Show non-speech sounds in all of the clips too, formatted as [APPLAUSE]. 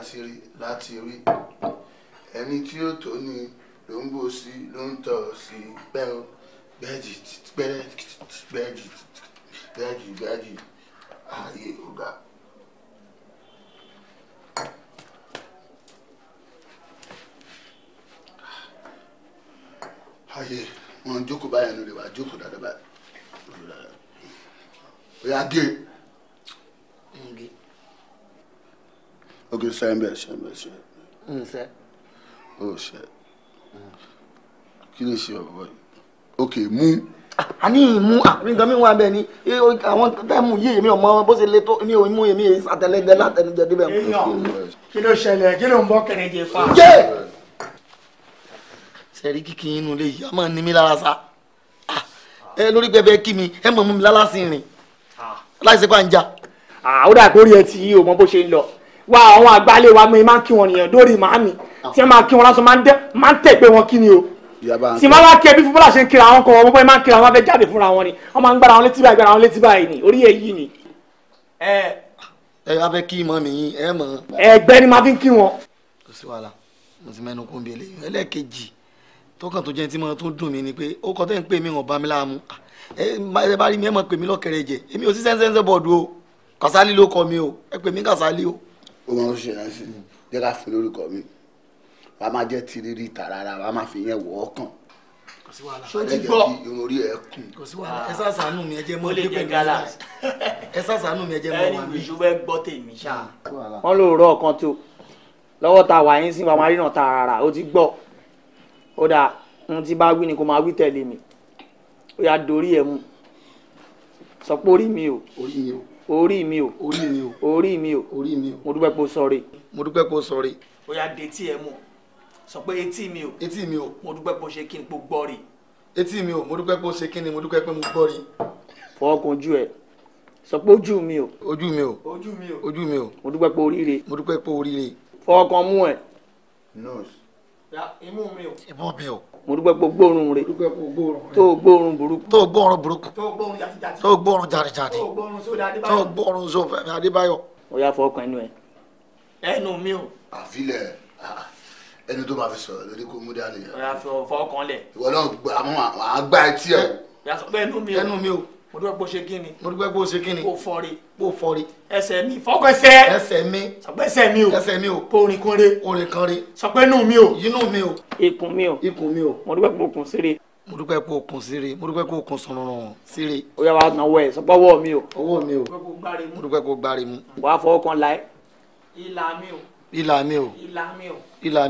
láti rí láti rí ẹni tí ó tó ni ló ń bò sí ló ń tọ̀ sí gbẹ́jì gbẹ́jì gbẹ́jì gbẹ́jì ààyè ọ̀gá. ayé wọn jókòó báyìí lórí wa jókòó dáadáa báyìí ó yà gé. ok sẹ ń bẹ ṣe ń bẹ ṣe. n sẹ. o ṣe kí ni ṣe ọ̀bọ̀ yìí ok mú. a ní ìmú àmì gan mi wà bẹ́ẹ̀ ni àwọn táìmù yìí èmi ọmọ bó ṣe le tó mi ò mú èmi àtẹlẹgbẹ látẹnujẹ débẹ̀. èèyàn kí ló ṣẹlẹ̀ kí ló ń bọ́ kẹrẹ̀jẹ̀ fa. sẹ́rí kíkì inú ilé yìí a máa ní mi lára sa ah, ẹ lórí pẹpẹ kí mi ẹ mọ̀ mú mi lálásìn rìn ah. láì ṣe pàǹjà. Ah, àwọn àgbórí ẹ ti yí o mọ bó ṣe ń lọ wa àwọn àgbálẹ̀ wa mi máa ń kí wọn nìyẹn lórí màámi tí wọ́n máa kí wọn lásán máa ń tẹ̀ pé wọn kí ni o tí máa wá kẹ́ bí fúnbọ́lá ṣe ń kíra wọn kọ́ wọn bọ́pẹ́ máa ń kíra wọn fẹ́ jáde fúnra wọn ni wọ́n máa ń gbára wọn létí báyìí gbára wọn létí báyìí ni orí èyí ni. ẹ ẹ wá fẹ́ kí mọ́ mi ẹ mọ̀. ẹgbẹ́ ni màá fi ń kí wọn. kò sí wàhálà mo ti mẹ́nu kún bí eléyìí ẹlẹ́ẹ̀kejì tó kàn tó jẹ́ tí mo tún dùn mí ni pé ó kọ́ tẹ́ ń pè mí hàn bá mi láàmú ẹ bá rí mi ẹ mọ̀ pè mí lọ́kẹ̀rẹ̀ jẹ èmi ò sí sẹ́ńsẹ́ńsẹ́ bọ̀dù o Kàsálí ló kọ mi o ẹ pè mí Kàsálí o ó máa ń ṣe yẹn sí jẹ́ ká fún lórúkọ mi wà á máa jẹ́ tiriri tààrà wà á máa fi yẹn wọ̀ ọ́ kàn kò sí wàhálà ṣó ti gbọ́ irun orí ẹ kùn. kò sí wàhálà ẹ sàṣàánú mi ẹ jẹ́ mọ́ gbé pẹ̀lú ẹ sàṣàánú mi ẹ jẹ́ mọ́ wà mí. ẹni ìṣubú ẹ gbọ́ tèmi ṣá. Hmm. wọ́n lò rọ ọ̀kan tó lọ́wọ́ ta wà yín sí wàá máa rí náà tààrà ó ti gbọ́ ó dà ohun tí bá wí ni kò máa wí tẹ̀lé mi ó yà dorí ẹ̀ mu sọ pé orí mi o. orí mi o orí mi o orí mi o orí mi o orí mi o mo dúpẹ́ kó sọ̀rẹ́ mo dúpẹ́ kó sọ̀rẹ́. ó yá detí ẹ mọ̀ sọ pé etí mi o etí mi o mo dúpẹ́ kó ṣe kí n kó gbọ́ rí. etí mi o mo dúpẹ́ kó ṣe kí ni mo dúpẹ́ pé mo gbọ́ rí. fọwọ́ ojú ẹ sọ pé ojú mi o ojú mi o ojú mi o ojú mi o mo dúpẹ́ kó oríire mo dúpẹ́ kó oríire. fọwọ́ mú ẹ. nurse. ya imú mi o. imú mi o mo dúpẹ́ pé gbóòórùn rẹ tó gbóòórùn burúkú. tó gbóòórùn burúkú tó gbóòórùn jàdìjàdì tó gbóòórùn sófẹ́mi adébáyọ̀. ó yà fọ ọkàn ẹnu ẹ. ẹnu mi o. àfilẹ̀ ẹni tó máa fi sọ̀rọ̀ lórí kó mú dání. ó yà fọ ọkàn lẹ̀. ìwọ náà àmọ́ àgbà etí ẹ. ẹnu mi o mo dúpẹ́ pé ṣe kí ni. mo dúpẹ́ pé ṣe kí ni. kò fọre. kò fọre. ẹsẹ̀ mi fọkọsẹ̀. ẹsẹ̀ mi. sọpẹ́ ẹsẹ̀ mi o. ẹsẹ̀ mi o. kò orin kan re. orin kan re. sọpẹ́ inú mi o. inú mi o. ikùn mi o. ikùn mi o. mo dúpẹ́ pé o kùn síre. mo dúpẹ́ pé o kùn síre. mo dúpẹ́ pé o kùn sọ̀rọ̀ síre. ó yá wa náwó ẹ̀ sọpẹ́ ọwọ́ mi o. ọwọ́ mi o. mo dúpẹ́ pé o gbáre mu. wàá fọwọ́ kan la ìlà mi o ìlà mi o ìlà mi o ìlà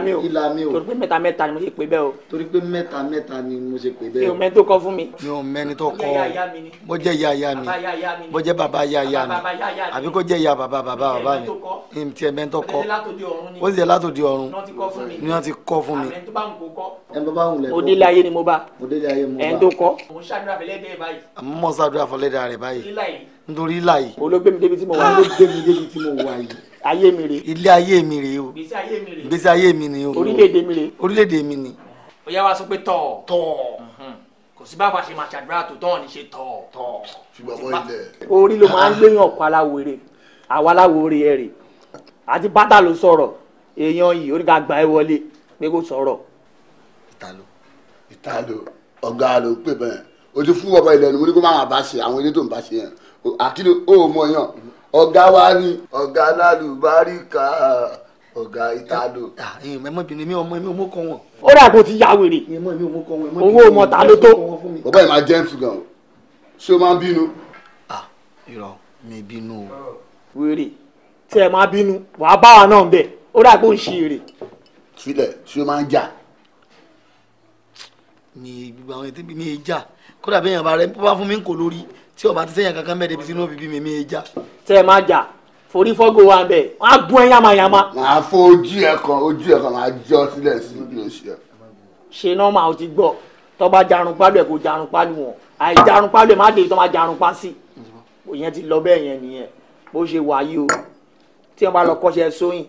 mi o ìlà o torí pé mẹ́ta mẹ́ta ni mo ṣe pè bẹ́ẹ̀ o. torí pé mẹ́ta mẹ́ta ni mo ṣe pè bẹ́ẹ̀ o. mi ò mẹ́ni tó kọ fún mi. mi ò mẹ́ni tó kọ o bó jẹ́ ìyá ìyá mi bó jẹ́ bàbá ìyá ìyá mi àbí kó jẹ́ ìyá bàbá bàbá bàbá mi ní tiẹ̀ mẹ́ni tó kọ ó sì jẹ́ látòdì ọ̀run ni wọ́n ti kọ fún mi. ẹn tó bá wù lẹ́kọ́ òdílé ayé ni mo bá ẹn tó kọ. mo ń ṣàdúrà fọlẹ́dẹ̀ báyìí. nítorí láyìí. olóògbé mi débi tí mo wà yìí ayé mi rè. ilé ayé mi rè o. gbèsè ayé mi rè. gbèsè ayé mi rè o. orílẹ̀-èdè mi rè. orílẹ̀-èdè mi ni. ó yá wa sọ pé tọ̀. tọ̀. Mhm. kò sí bá a ṣe máa ṣàdúrà tó tọ́ ní ṣe tọ̀. tọ̀ ṣùgbọ́n mọ́ ilẹ̀. orí ló máa ń gbéyàn kọ aláwo rè àwa aláwo rè ẹ rè àti pátá ló sọ̀rọ̀ èèyàn yìí ó ní ká gbà ẹ wọlé pé kó sọ̀rọ̀. ìtàló ìtàló ọ̀gá ló pè bẹ́ẹ̀ o ti fún ọba ilẹ̀ ni mo ní kó má bá ṣe àwọn ilé tó ń bá ṣe yẹn àkínú ó mọ yàn ọ̀gá wa ni ọ̀gá lálùbáríkà ọ̀gá ìtàdó. Ah, ẹ mọ bìnrin mi ọmọ mi ò mú kọ wọn. ó rà kó ti ya wèrè. owó ọmọ ta ló tó. bàbá yìí máa jẹ́ ǹtù gan o ṣé o máa ń bínú. Ah, irọ́ mi bínú o. wèrè tí ẹ máa bínú wàá bá wa náà ń bẹ̀ ó rà kó ń ṣe èrè. sílẹ̀ ṣé o máa ń jà ni gbogbo àwọn ètò mi ì jà kódà bí èèyàn bá rẹ bó bá fún mi ń kò lórí tí ọba ti sẹ́yìn kankan mẹ́ẹ̀ẹ́dẹ́bi sínú òbí bí mi mi já. tẹ ẹ máa jà forí fọ́gò wa bẹ̀ wọ́n á gún ẹ yamayama. màá fọ ojú ẹ kan ojú ẹ kan màá jọ sílẹ̀ sí bí o ṣe. ṣe náà máa ti gbọ́ tọ́ba jarun pálù ẹ̀ kò jarun pálù wọn àìjarun pálù ẹ̀ má dé tọ́ máa jarun pa sí. ìyẹn ti lọ bẹ́ẹ̀ yẹn nìyẹn bó ṣe wà yìí o tí wọ́n bá lọ kọ́ṣẹ́ sóyìn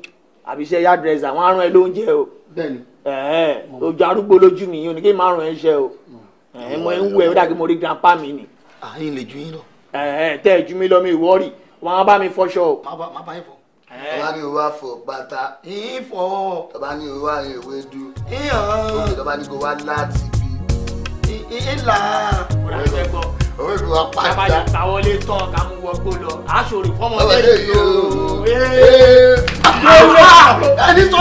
àbí iṣẹ́ yá dírẹ́sà wọ́n á rán ẹ lóúnjẹ o. bẹ́ẹ̀ni. ẹ̀ẹ́ ojú arúgbó lójú mi yìí oníkè márùn-ún ẹ̀ ṣe o. Mm. ẹ̀ẹ́ mo ń wẹ̀ ó dàgbé mo rí grandpa mi ni àyìn ah, lè ju yín lọ. ẹ ẹ tẹ ẹ ju mi lọ mi ìwọ́rì wọn á bá mi fọṣọ o. má bá má bá yín fọ. tọ́ba ní owó àfọ̀ pátá. yín fọ. tọ́ba ní owó àyè ìwé du. yíyan. tọ́ba ní kò wá láti bí. ìlà. ọ̀rẹ́ mi fẹ́ gbọ́. owó ìlú wa pátá. tábà yà táwọlé tán ká mú wọgbó lọ. aṣòro fọmọdé yìí o. ẹni tó.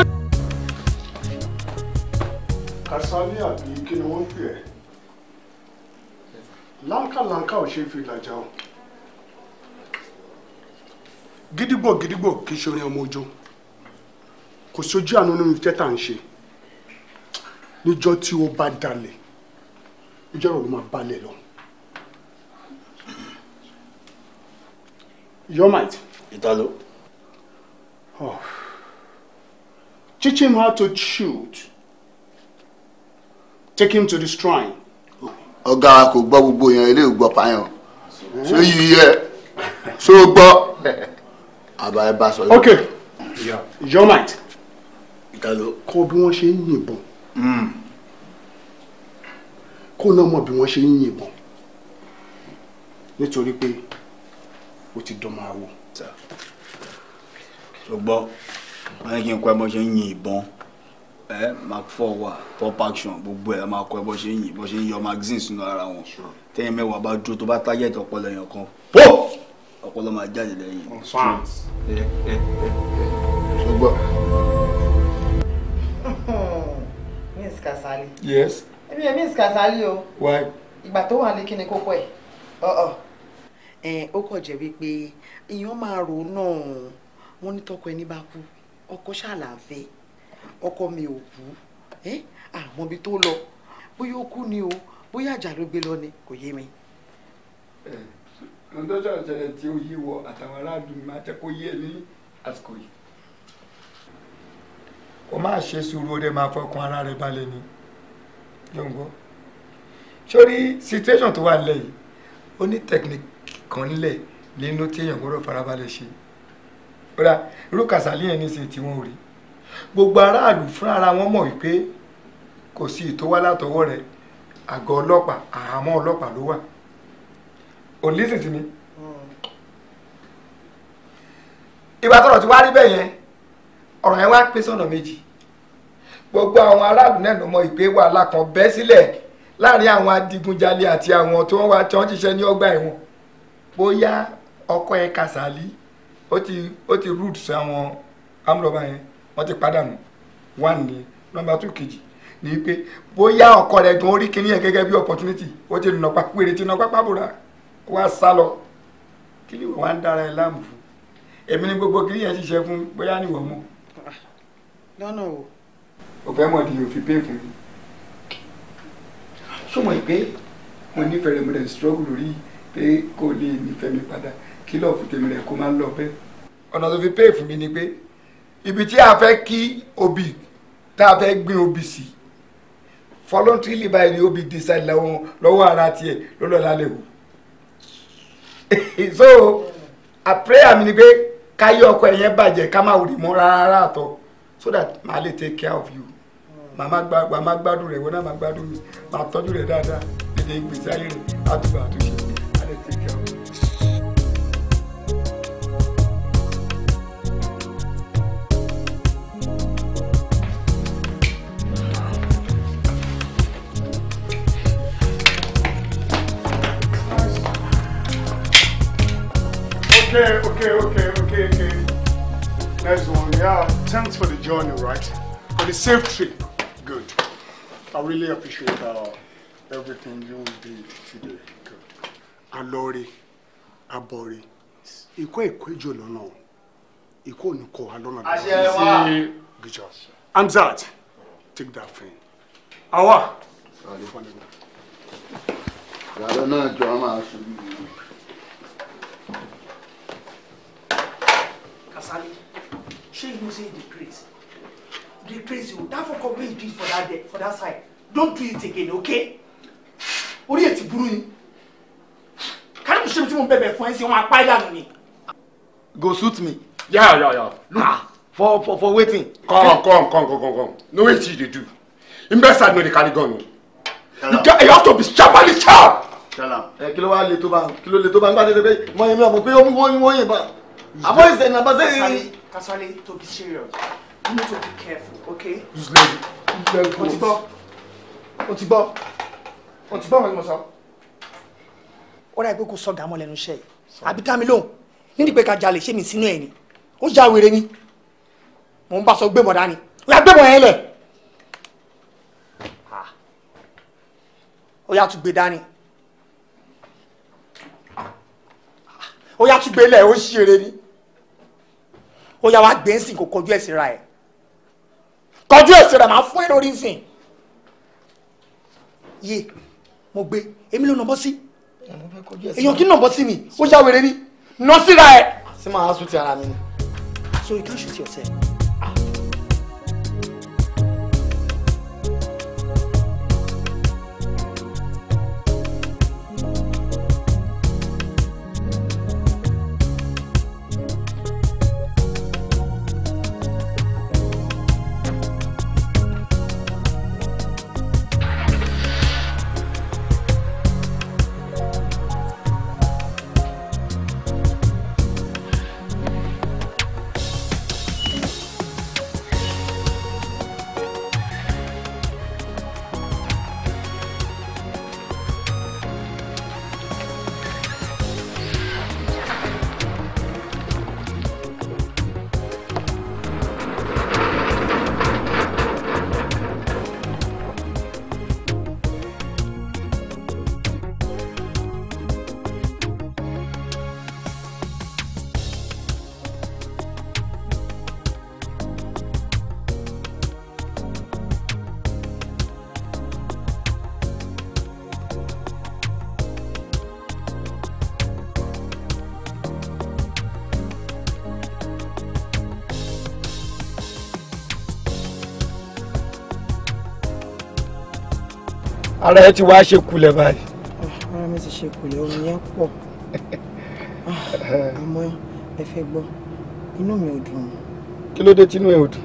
kàṣálí àbí kí ni wọ́n pè é láńkàláńkà ò ṣe fi làjà o gídígbò gídígbò kì í ṣorin ọmọ ojó kò sójú àánú nínú iṣẹ́ tá à ń ṣe níjọ́ tí o bá dalẹ̀ ìjọ ìrọ̀lú máa balẹ̀ lọ. Yomite. Italo. Oh. Teach him how to shoot. Take him to the shrine ọ̀gá wa kò gbọ́ gbogbo yẹn ilé ìgbọ́ pààyàn ṣé yìí yẹ ṣé o gbọ́ àbá ẹ bá sọ yìí. ok your mind kọ bí wọ́n ṣe ń yìnbọn hmm. kó náà mọ̀ bí wọ́n ṣe ń yìnbọn nítorí pé o ti dọmọ àwò. ṣùgbọ́n wọ́n ní kí n kọ́ ẹ bọ́n ṣe ń yin ẹ mark four wà top action gbogbo ẹ máa kọ ẹ bó ṣe ń yìn bó ṣe ń yọ magazine sínú ara wọn tẹyin mẹ́wàá bá dúró tó bá target ọpọlọ yẹn kan pọ ọpọlọ máa jáde lẹ́yìn. [LAUGHS] miss kasali. yes. èmi ò miss kasali o. why. ìgbà tó wà ní kíni kókó ẹ. Uh-uh. ẹ ó kọ̀ jẹ́ wípé èèyàn máa rò ó náà wọ́n ní tọkọ ẹni bá kú ọkọ ṣáà ọkọ mi ò kú àmọ́ ibi tó lọ bóyá ó kú ni o bóyá àjà ló gbé lọ ni kò yé mi. ohun tó ṣàlàyé ṣẹlẹ̀ tí ó yé wọ àtàwọn aráàlú mi máa jẹ́ kó yé ní àsìkò yìí. kò máa ṣe sùúrù ó dé máa fọkàn ara rẹ̀ balẹ̀ ni yọ̀ǹgbọ́. sórí situation tó wà nílẹ̀ yìí ó ní technique kan nílẹ̀ nínú tí èèyàn gbọ́dọ̀ farabalẹ̀ ṣe. rárá irú yẹn ní í tí wọ́n ò rí gbogbo aráàlú fúnra ara wọn mọ̀ wípé kò sí ìtọ́wá látọwọ́ rẹ̀ àgọ́ ọlọ́pàá àhámọ́ ọlọ́pàá ló wà ò lísìn sí mi. ìgbà tọrọ ti wá rí bẹ́ẹ̀ yẹn ọ̀rọ̀ yẹn wá pín sọ́nà méjì gbogbo àwọn aráàlú náà ló mọ̀ ìpè wàhálà kan bẹ́ sílẹ̀ láàrin àwọn adigunjalè àti àwọn tó ń wá tí wọ́n ṣiṣẹ́ ní ọgbà ẹ̀wọ̀n bóyá ọkọ ẹ̀ Kasali ó ti rúùtù sí àwọn amúlọ́ba yẹn wọ́n ti pàdánù one ni nọ́mbà two kejì ni pé bóyá ọkọ rẹ̀ gan orí kìíní yẹn gẹ́gẹ́ bí opportunity ó ti nà pápá wèrè ti nà pápá bòrà wá sá lọ kí ni wọ́n á ń dára ẹ láàmú fún èmi ni gbogbo kìíní yẹn ṣiṣẹ́ fún bóyá ni wọ́n mọ̀. lọ́nà o. ọ̀fẹ́ mọ̀ ni òfin pé fún mi sọmọ ìpè mo nífẹ̀ẹ́ rẹ̀ mo rẹ̀ struggle lórí pé kò lè nífẹ̀ẹ́ mi padà kí lọ́ọ̀fù tèmi rẹ̀ kó má lọ bẹ́ẹ̀ ọ̀nà tó fi pé fún mi ni pé ibi tí a fẹ́ kí obì tá a fẹ́ gbin obì sí voluntarily báyìí ni obì decide lọ́wọ́ lọ́wọ́ ara tiẹ̀ lọ́lọ́ lálẹ́ so a prayer mi ni pé káyé ọkọ ẹ̀ yẹn bàjẹ́ ká má wùdí mọ́ rárá àtọ̀ so that màá lè take care of you màmá gbàgbà má gbádùn rẹ̀ wọ́n náà má gbádùn mi màá tọ́jú rẹ̀ dáadáa dédé ìgbésí ayé rẹ̀ àtúbà àtúnṣe. Okay, okay, okay, okay, okay. Next one. Yeah, thanks for the journey, right? For the safe trip. Good. I really appreciate uh, everything you did today. Good. Alori, Abori, Iko Ekwejo lọ́nà. Iko Niko Alona. Àṣẹ wa. Good job. Amzat, take that thing. Awa. Ìyàlọ́ náà jọ máa ṣubú. Kasali. Shey you know say the praise. The praise you. That fuck up wey you did for that day, for that side. Don't do it again, okay? Orí ẹ̀ ti burú ni. Kàrí mi ṣe mi tí mo ń bẹ̀bẹ̀ fún ẹ sí wọn apá ìdànù ni. Go suit me. Yeah, yeah, yeah. Look. Ah. For, for, for waiting. Come, come, come, come, come, come. No wetin you dey do. Investor no dey carry gun You, get, you have to be sharply sharp. Eh, kí ló wá le tó bá kí le tó bá ń gbá dédé pé mọ̀ yẹn mi ò mọ̀ pé wọ́n yìnbọn. I've always said number six. to be serious. You need to be careful, okay? Just let it. Just let it. Ó ti gbọ́. Ó ti gbọ́. Ó ti gbọ́ wọn ni mo sọ. Ó dà pé kò sọ dààmú lẹ́nu iṣẹ́ yìí. Àbí dá mi lóhùn. Nídìí pé ká jalè ṣé mi sínú ẹ̀ ni. Ó já wèrè ni. Mò ń bá sọ gbẹ̀mọ̀ dání. Ó yá gbẹ̀mọ̀ yẹn lẹ̀. Ó yá tún gbé dání. Ó yá tún gbé lẹ̀ ni ó yà wá gbé ń sìn kó kọjú ẹ̀ síra ẹ̀ kọjú ẹ̀ síra máa fún ẹ lórí ń yé mo gbé èmi ló nọ̀bọ́ sí èèyàn kí nọ̀bọ́ sí mi ó yà wèrè ni nọ́ síra ẹ̀. sí máa sùn ara mi ni. so you can shoot yourself. ara ẹ ti wá ṣe kulẹ̀ báyìí. ara mi ti ṣe kulẹ̀ omi yẹn pọ̀ [LAUGHS] ah, àmọ́ ẹ fẹ́ gbọ́ inú mi ò dùn. kí ló dé tínú ẹ ò dùn.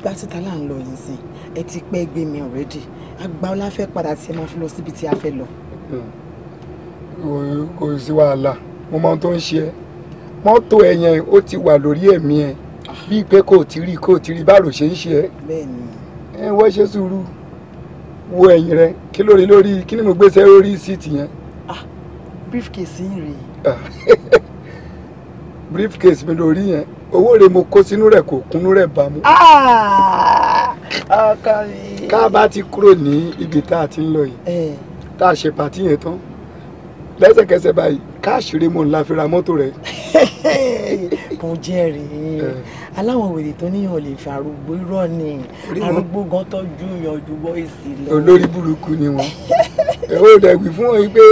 gbàtítà là ń lọ yìí sìn ẹ ti pẹ́ gbé mi already àgbà ọlá fẹ́ padà tí ẹ máa fi lọ síbi tí a fẹ́ lọ. kò sí wàhálà mo mọ ohun tó ń ṣe ẹ mọ́tò ẹ ó ti wà lórí ẹ̀mí ẹ bíi pé kò tí rí kò tí rí báàrò ṣe ń ṣe ẹ. bẹ́ẹ̀ni. ẹ wọ́n ṣe sùúrù wo ẹ̀yìn rẹ kí lórí lórí kí ni mo gbé sẹ́ lórí síìtì yẹn. ah briefcase yín rèé. Ah, [LAUGHS] briefcase mi lórí yẹn owó rẹ mo kó sínú rẹ kò kúnú rẹ bá ah, ká bá ti kúrò ní ibi tá a ti ń lọ yìí tá a ṣe pàtí yẹn tán lẹ́sẹ̀kẹsẹ̀ báyìí káàṣì rẹ mo ń la fi ra mọ́tò rẹ mo [LAUGHS] jẹ́rìí eh. aláwọn wèrè tó níyàn lè fi arúgbó irọ́ ni arúgbó gan tọ́jú yanjú bọ́ìsì lọ. olórí burúkú ni wọn ẹ ó dẹ̀gbì fún wọn pé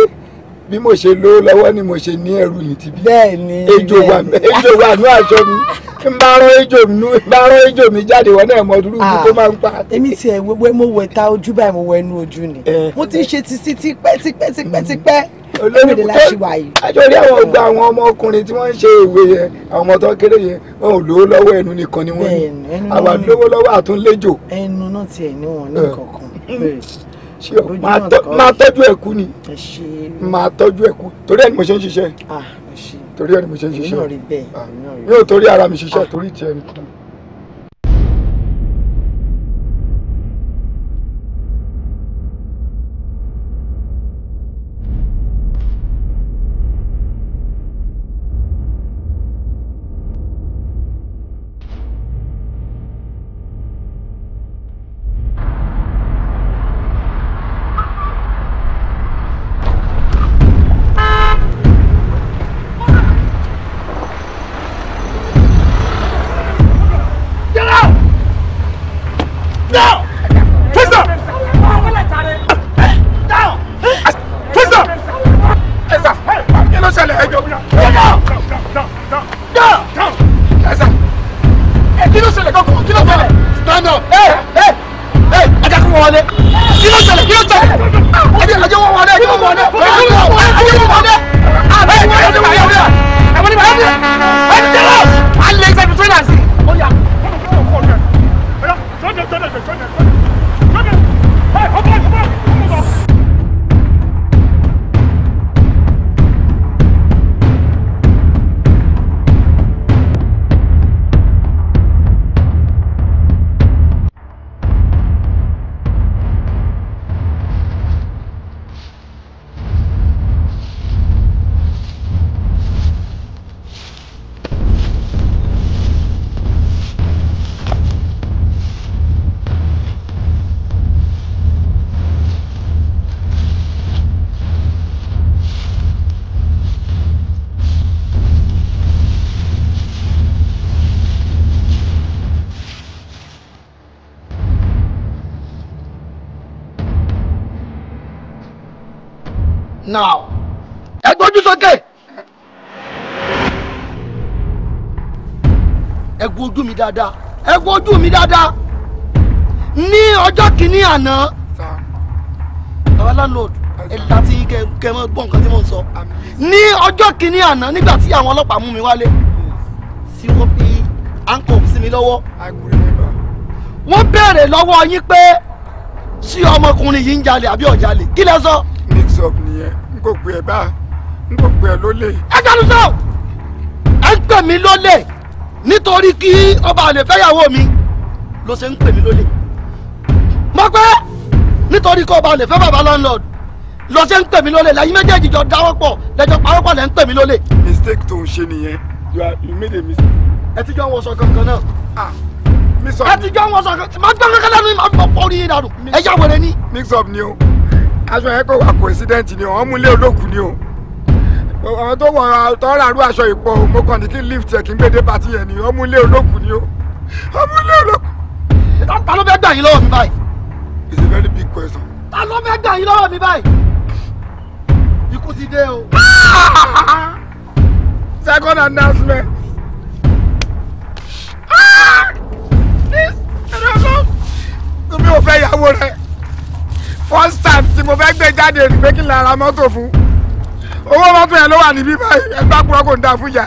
bí mo ṣe lówó lọ́wọ́ ni mo ṣe ní ẹrù ní tibí. bẹ́ẹ̀ni ejò wà ejò wà ní aṣọ mi n bá rán ejò mi n bá rán ejò mi jáde wọn náà mọ dúró ibi tó máa ń pa. Ah, èmi tiẹ̀ wẹ́wẹ́ mo wẹ̀ ta ojú báyìí mo wẹ̀ ẹnu ojú ni eh. mo ti ṣe ti sí tipẹ́ tipẹ́ tipẹ́ tipẹ́ olómìnira la ṣì wà yìí. àjọrí àwọn ògbà àwọn ọmọkùnrin tí wọ́n ń ṣe ìwé yẹn àwọn ọmọ tó kéré yẹn wọn ò lówó lọ́wọ́ ẹnu nìkan ni wọ́n ní àwa lówó lọ́wọ́ àtúnlẹ́jọ. ẹnu náà tiẹ̀ ní wọn ní kankan. máa tọ́jú ẹ̀kú ni máa tọ́jú ẹ̀kú torí ẹ̀ ni mo ṣe ń ṣiṣẹ́ ah, torí ẹ̀ ni mo ṣe ń ṣiṣẹ́ yóò torí ara mi ṣiṣẹ́ ah. torí tiẹ̀ nìkan. dáadáa ẹ wojú mi dáadáa ní ọjọ́ kìíní àná baba landlord ẹ̀la tí kẹ́ mọ́ gbọ́ nǹkan tí mò ń sọ ní ọjọ́ kìíní àná nígbà tí àwọn ọlọ́pàá mú mi wálé tí wọ́n fi àǹkọ̀ sí mi lọ́wọ́ wọ́n béèrè lọ́wọ́ yín pé ṣé ọmọkùnrin yìí ń jalè àbí ó kí lẹ sọ. mix up nìyẹn n kò pè ẹ bá n kò pè ẹ lólè. ẹ jáde sọ ẹ ń lólè nítorí kí ọba àlè fẹ́yàwó mi ló ṣe ń pè mí lólè mọ nítorí kí ọba àlè fẹ́ bàbá landlord ló ṣe ń pè mí lólè lẹ́yìn méjèèjì jọ dáwọ́pọ̀ lẹ́jọ́ pawọ́pọ̀ lẹ́ ń pè mí lólè. mistake tó ń ṣe nìyẹn you are you made a mistake. ẹ ti jọ wọn sọ kankan náà. ah ẹ ti jọ wọn kankan máa gbọ́n kankan lẹ́nu máa bọ̀ orí ìdàrú ẹ yà wẹ̀rẹ̀ ni. mix up ni o aṣọ yẹn pé wà coincident ni o wọ́n mú ilé olókùn ni o àwọn tó wọ tọ́ra àrú aṣọ ìpọ̀ mo kàn ní kí lift ẹ̀ kí n gbé dé yẹn ni ọmú ilé olókùn ni ó ọmú ilé olókùn. ta ló fẹ́ gbà yín lọ́wọ́ mi báyìí. it's a very big question. ta ló fẹ́ gbà yín lọ́wọ́ mi báyìí. ikú ti dé o. [LAUGHS] second announcement. Ah! mi ò fẹ́ ìyàwó rẹ̀ first time tí mo fẹ́ gbé jáde rí pé kí n lè ra mọ́tò fún owó mọ́tò yẹn ló wà níbí báyìí ẹgbẹ́ àkùrọ̀ kò ń da fún ìyá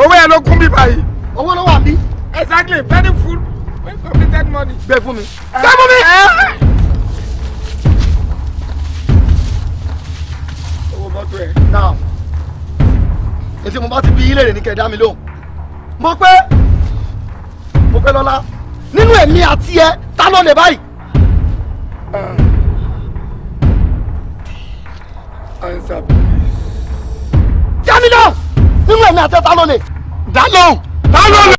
owó yẹn ló kún bí báyìí. owó ló wà bí. exactly very full wey completed money. gbé fún mi. gbé fún mi. Eh? owó mọ́tò yẹn. now ètò mo bá ti bí ilé rẹ̀ ní kẹ̀dá mi lóhùn mo pé mo pé lọ́la nínú èmi àti ẹ ta ló lè báyìí. Eh answer please. Jamila! Nínú ẹ̀mí àtẹ́ta ló lè. Dá lóhùn! Dá lóhùn!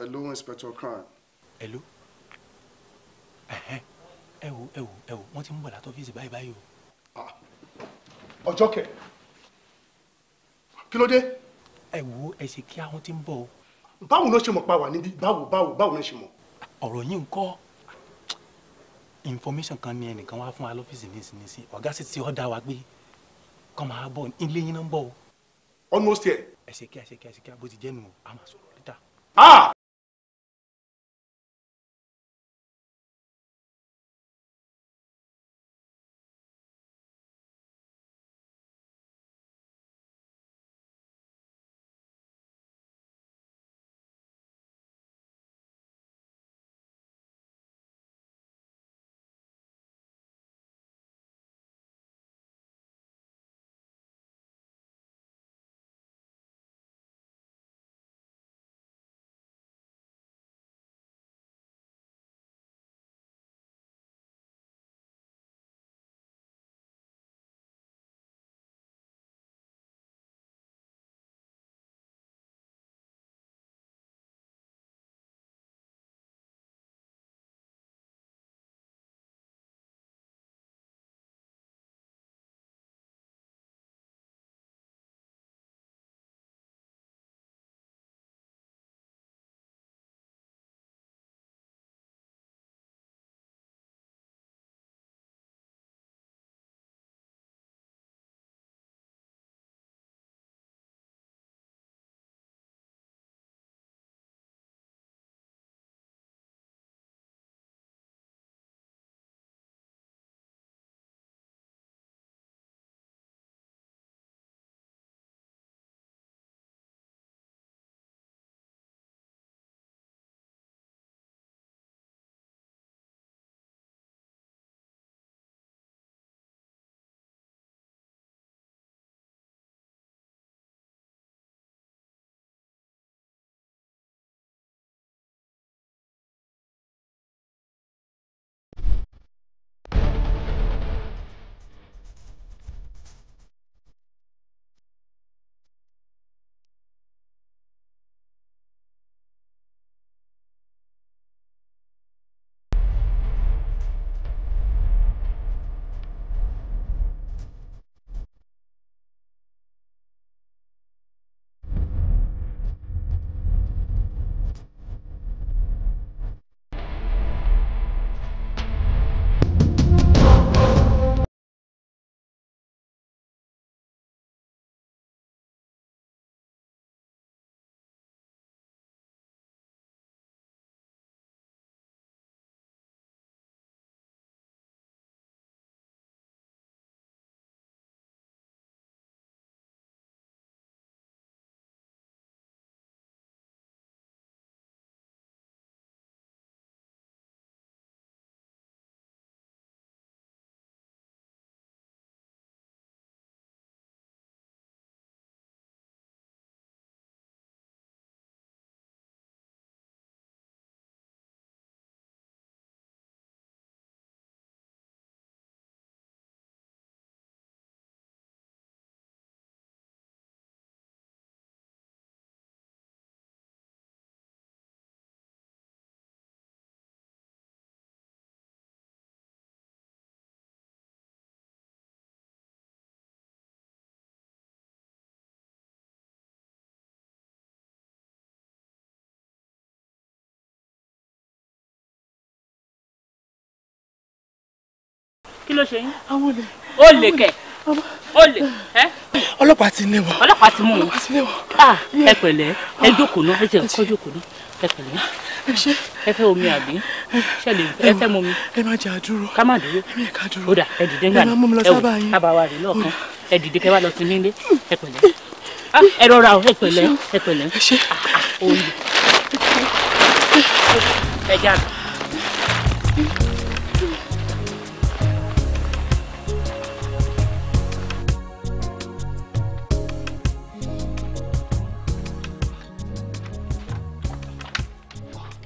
Hello, Inspector Khan. Hello. Eh? Eh? Eh? Eh? ẹ wo wọ́n ti ń bọ̀ láti ọ́fíìsì báyìí báyìí o. Ọjọ́ kẹ̀. Eh? Eh? Eh? Ẹ wo ẹ ṣe kí àwọn ti ń bọ̀ o. Báwo ló ṣe mọ̀ pa wà níbí? Báwo báwo báwo ló ṣe mọ̀? Ọ̀rọ̀ yìí ń kọ́ information kan ní ẹnìkan wá fún wa lọ́fíìsì nísinsìnyí ọ̀gá sì ti ọ̀dà wa pé kọ́ máa bọ̀ ilé yín náà ń bọ̀ o. Almost here. Ẹ ṣe kí ẹ ṣe kí ẹ ṣe kí abó ti jẹ́ nu a máa sọ̀rọ̀. kí ló ṣe yín. àwọn olè. ó lè kẹ ó lè. ọlọ́pàá ti lé wọn. ọlọ́pàá ti mú wọn. ọlọ́pàá ti lé wọn. ẹ pẹ̀lẹ́ ẹ jókòó náà ẹ jẹ́ ọkọ jókòó náà ẹ pẹ̀lẹ́. ẹ ṣe. ẹ fẹ́ omi àbí ṣẹlẹ̀ ẹ fẹ́ mọ mi. ẹ má jà dúró. ká má dúró. ẹ má ká dúró. ó dà ẹ dìde ńgbà ní ẹ wò kábàáwá rè lọ́ọ̀kan mm. ẹ dìde kẹ́ wá lọ sí nílé mm. ẹ pẹ̀lẹ́ ẹ rọra o ẹ pẹ̀lẹ́ ẹ pẹ̀lẹ́ ẹ ṣe. ẹ jáde.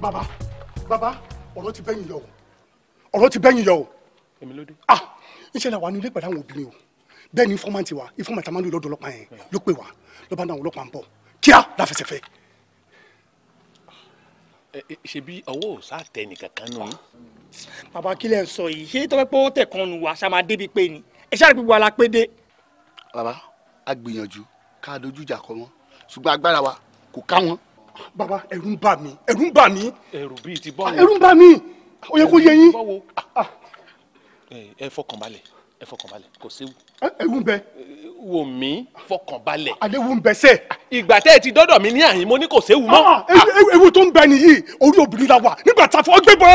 bàbá bàbá ọ̀rọ̀ ti bẹ́yìn yọ o ọ̀rọ̀ ti bẹ́yìn yọ o. èmi ló dé. ah iṣẹ́ la wà ní ilé pẹ̀lú àwọn obìnrin o bẹ́ẹ̀ ni informant wa informant amánu lọ́dọ̀ ọlọ́pàá yẹn ló pè wá ló bá náà ọlọ́pàá ń bọ̀ kíá la fẹsẹ̀ fẹ́. ṣebí ọwọ́ ò sá tẹ nìkan kan nù. bàbá kílẹ̀ ń sọ yìí ṣé tọ́pẹ́ pé ó tẹ̀ kan nù wá ṣàmà débi pé ni ẹ ṣáà gbogbo ala pé dé. bàbá a gbìyànjú ká dojú ìjà kọ wọn ṣùgbọ́n agbára wa kò ká wọn baba ẹ̀rù ń bà mí ẹ̀rù ń bà mí. ẹ̀rù bíi ti bọ́wọ́ ah, ẹ̀rù ń bà mí ó yẹ kó yé yín. ẹ fọkànbalẹ̀ ẹ fọkànbalẹ̀ kò séwu. ẹ̀rù ń bẹ. wò mí fọkànbalẹ̀. àléwu ń bẹ sẹ́. Ah, ìgbà tẹ́ ẹ ti dọ́dọ̀ mi ní àyín mo ní kò séwu mọ́. ewu ah, tó ń bẹ nìyí orí obìnrin la wà nígbà tá a fọ́ gbé bọ́.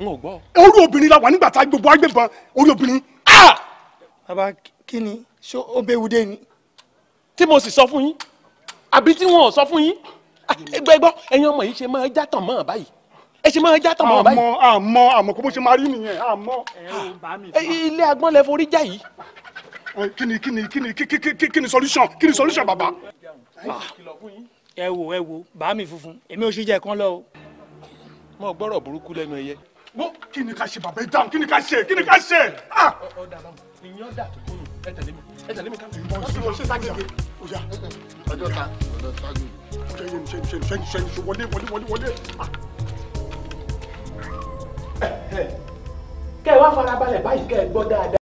n ò gbọ́. orí obìnrin la wà nígbà tá a gbogbo agbébọn orí obìnrin. baba kí ni ṣé ó bẹ́ẹ̀ wúdé ni. tí mo sì sọ fún yín àbí tí wọn ò sọ fún yín gbẹgbọ ah, ẹ̀yin ọmọ yìí ṣe máa játàn mọ́ ọ báyìí ẹ ṣe máa játàn mọ́ ọ báyìí. àmọ́ àmọ́ àmọ́ kó bó ṣe máa rí nìyẹn àmọ́. Ah, ilé agbọ́n lẹ forí já yìí. kí ni kí ni kí ni kí ni solution kí ni solution bàbá. ẹ wo ẹ wo bàámi funfun èmi ò ṣe jẹ kán lọ o. mo gbọ́rọ̀ burúkú lẹ́nu ẹyẹ. mo kí ni ká ṣe bàbá ẹ dáhùn kí ni ká ṣe kí ni ká ṣe. ọ̀dà ah! báwọn ìyẹn tó kọ́ ẹ tẹ̀lé mi ẹ tẹ̀lé mi ká wọ́n ti lọ ṣe sáàgì ọjà ọjọ́ ta ọjọ́ ta ni ọjọ́ yẹn ṣe ṣe ṣe ṣe ṣe wọlé wọlé wọlé wọlé. Ah. kẹ́ ẹ wá farabalẹ̀ báyìí kẹ́ ẹ gbọ́ dáadáa.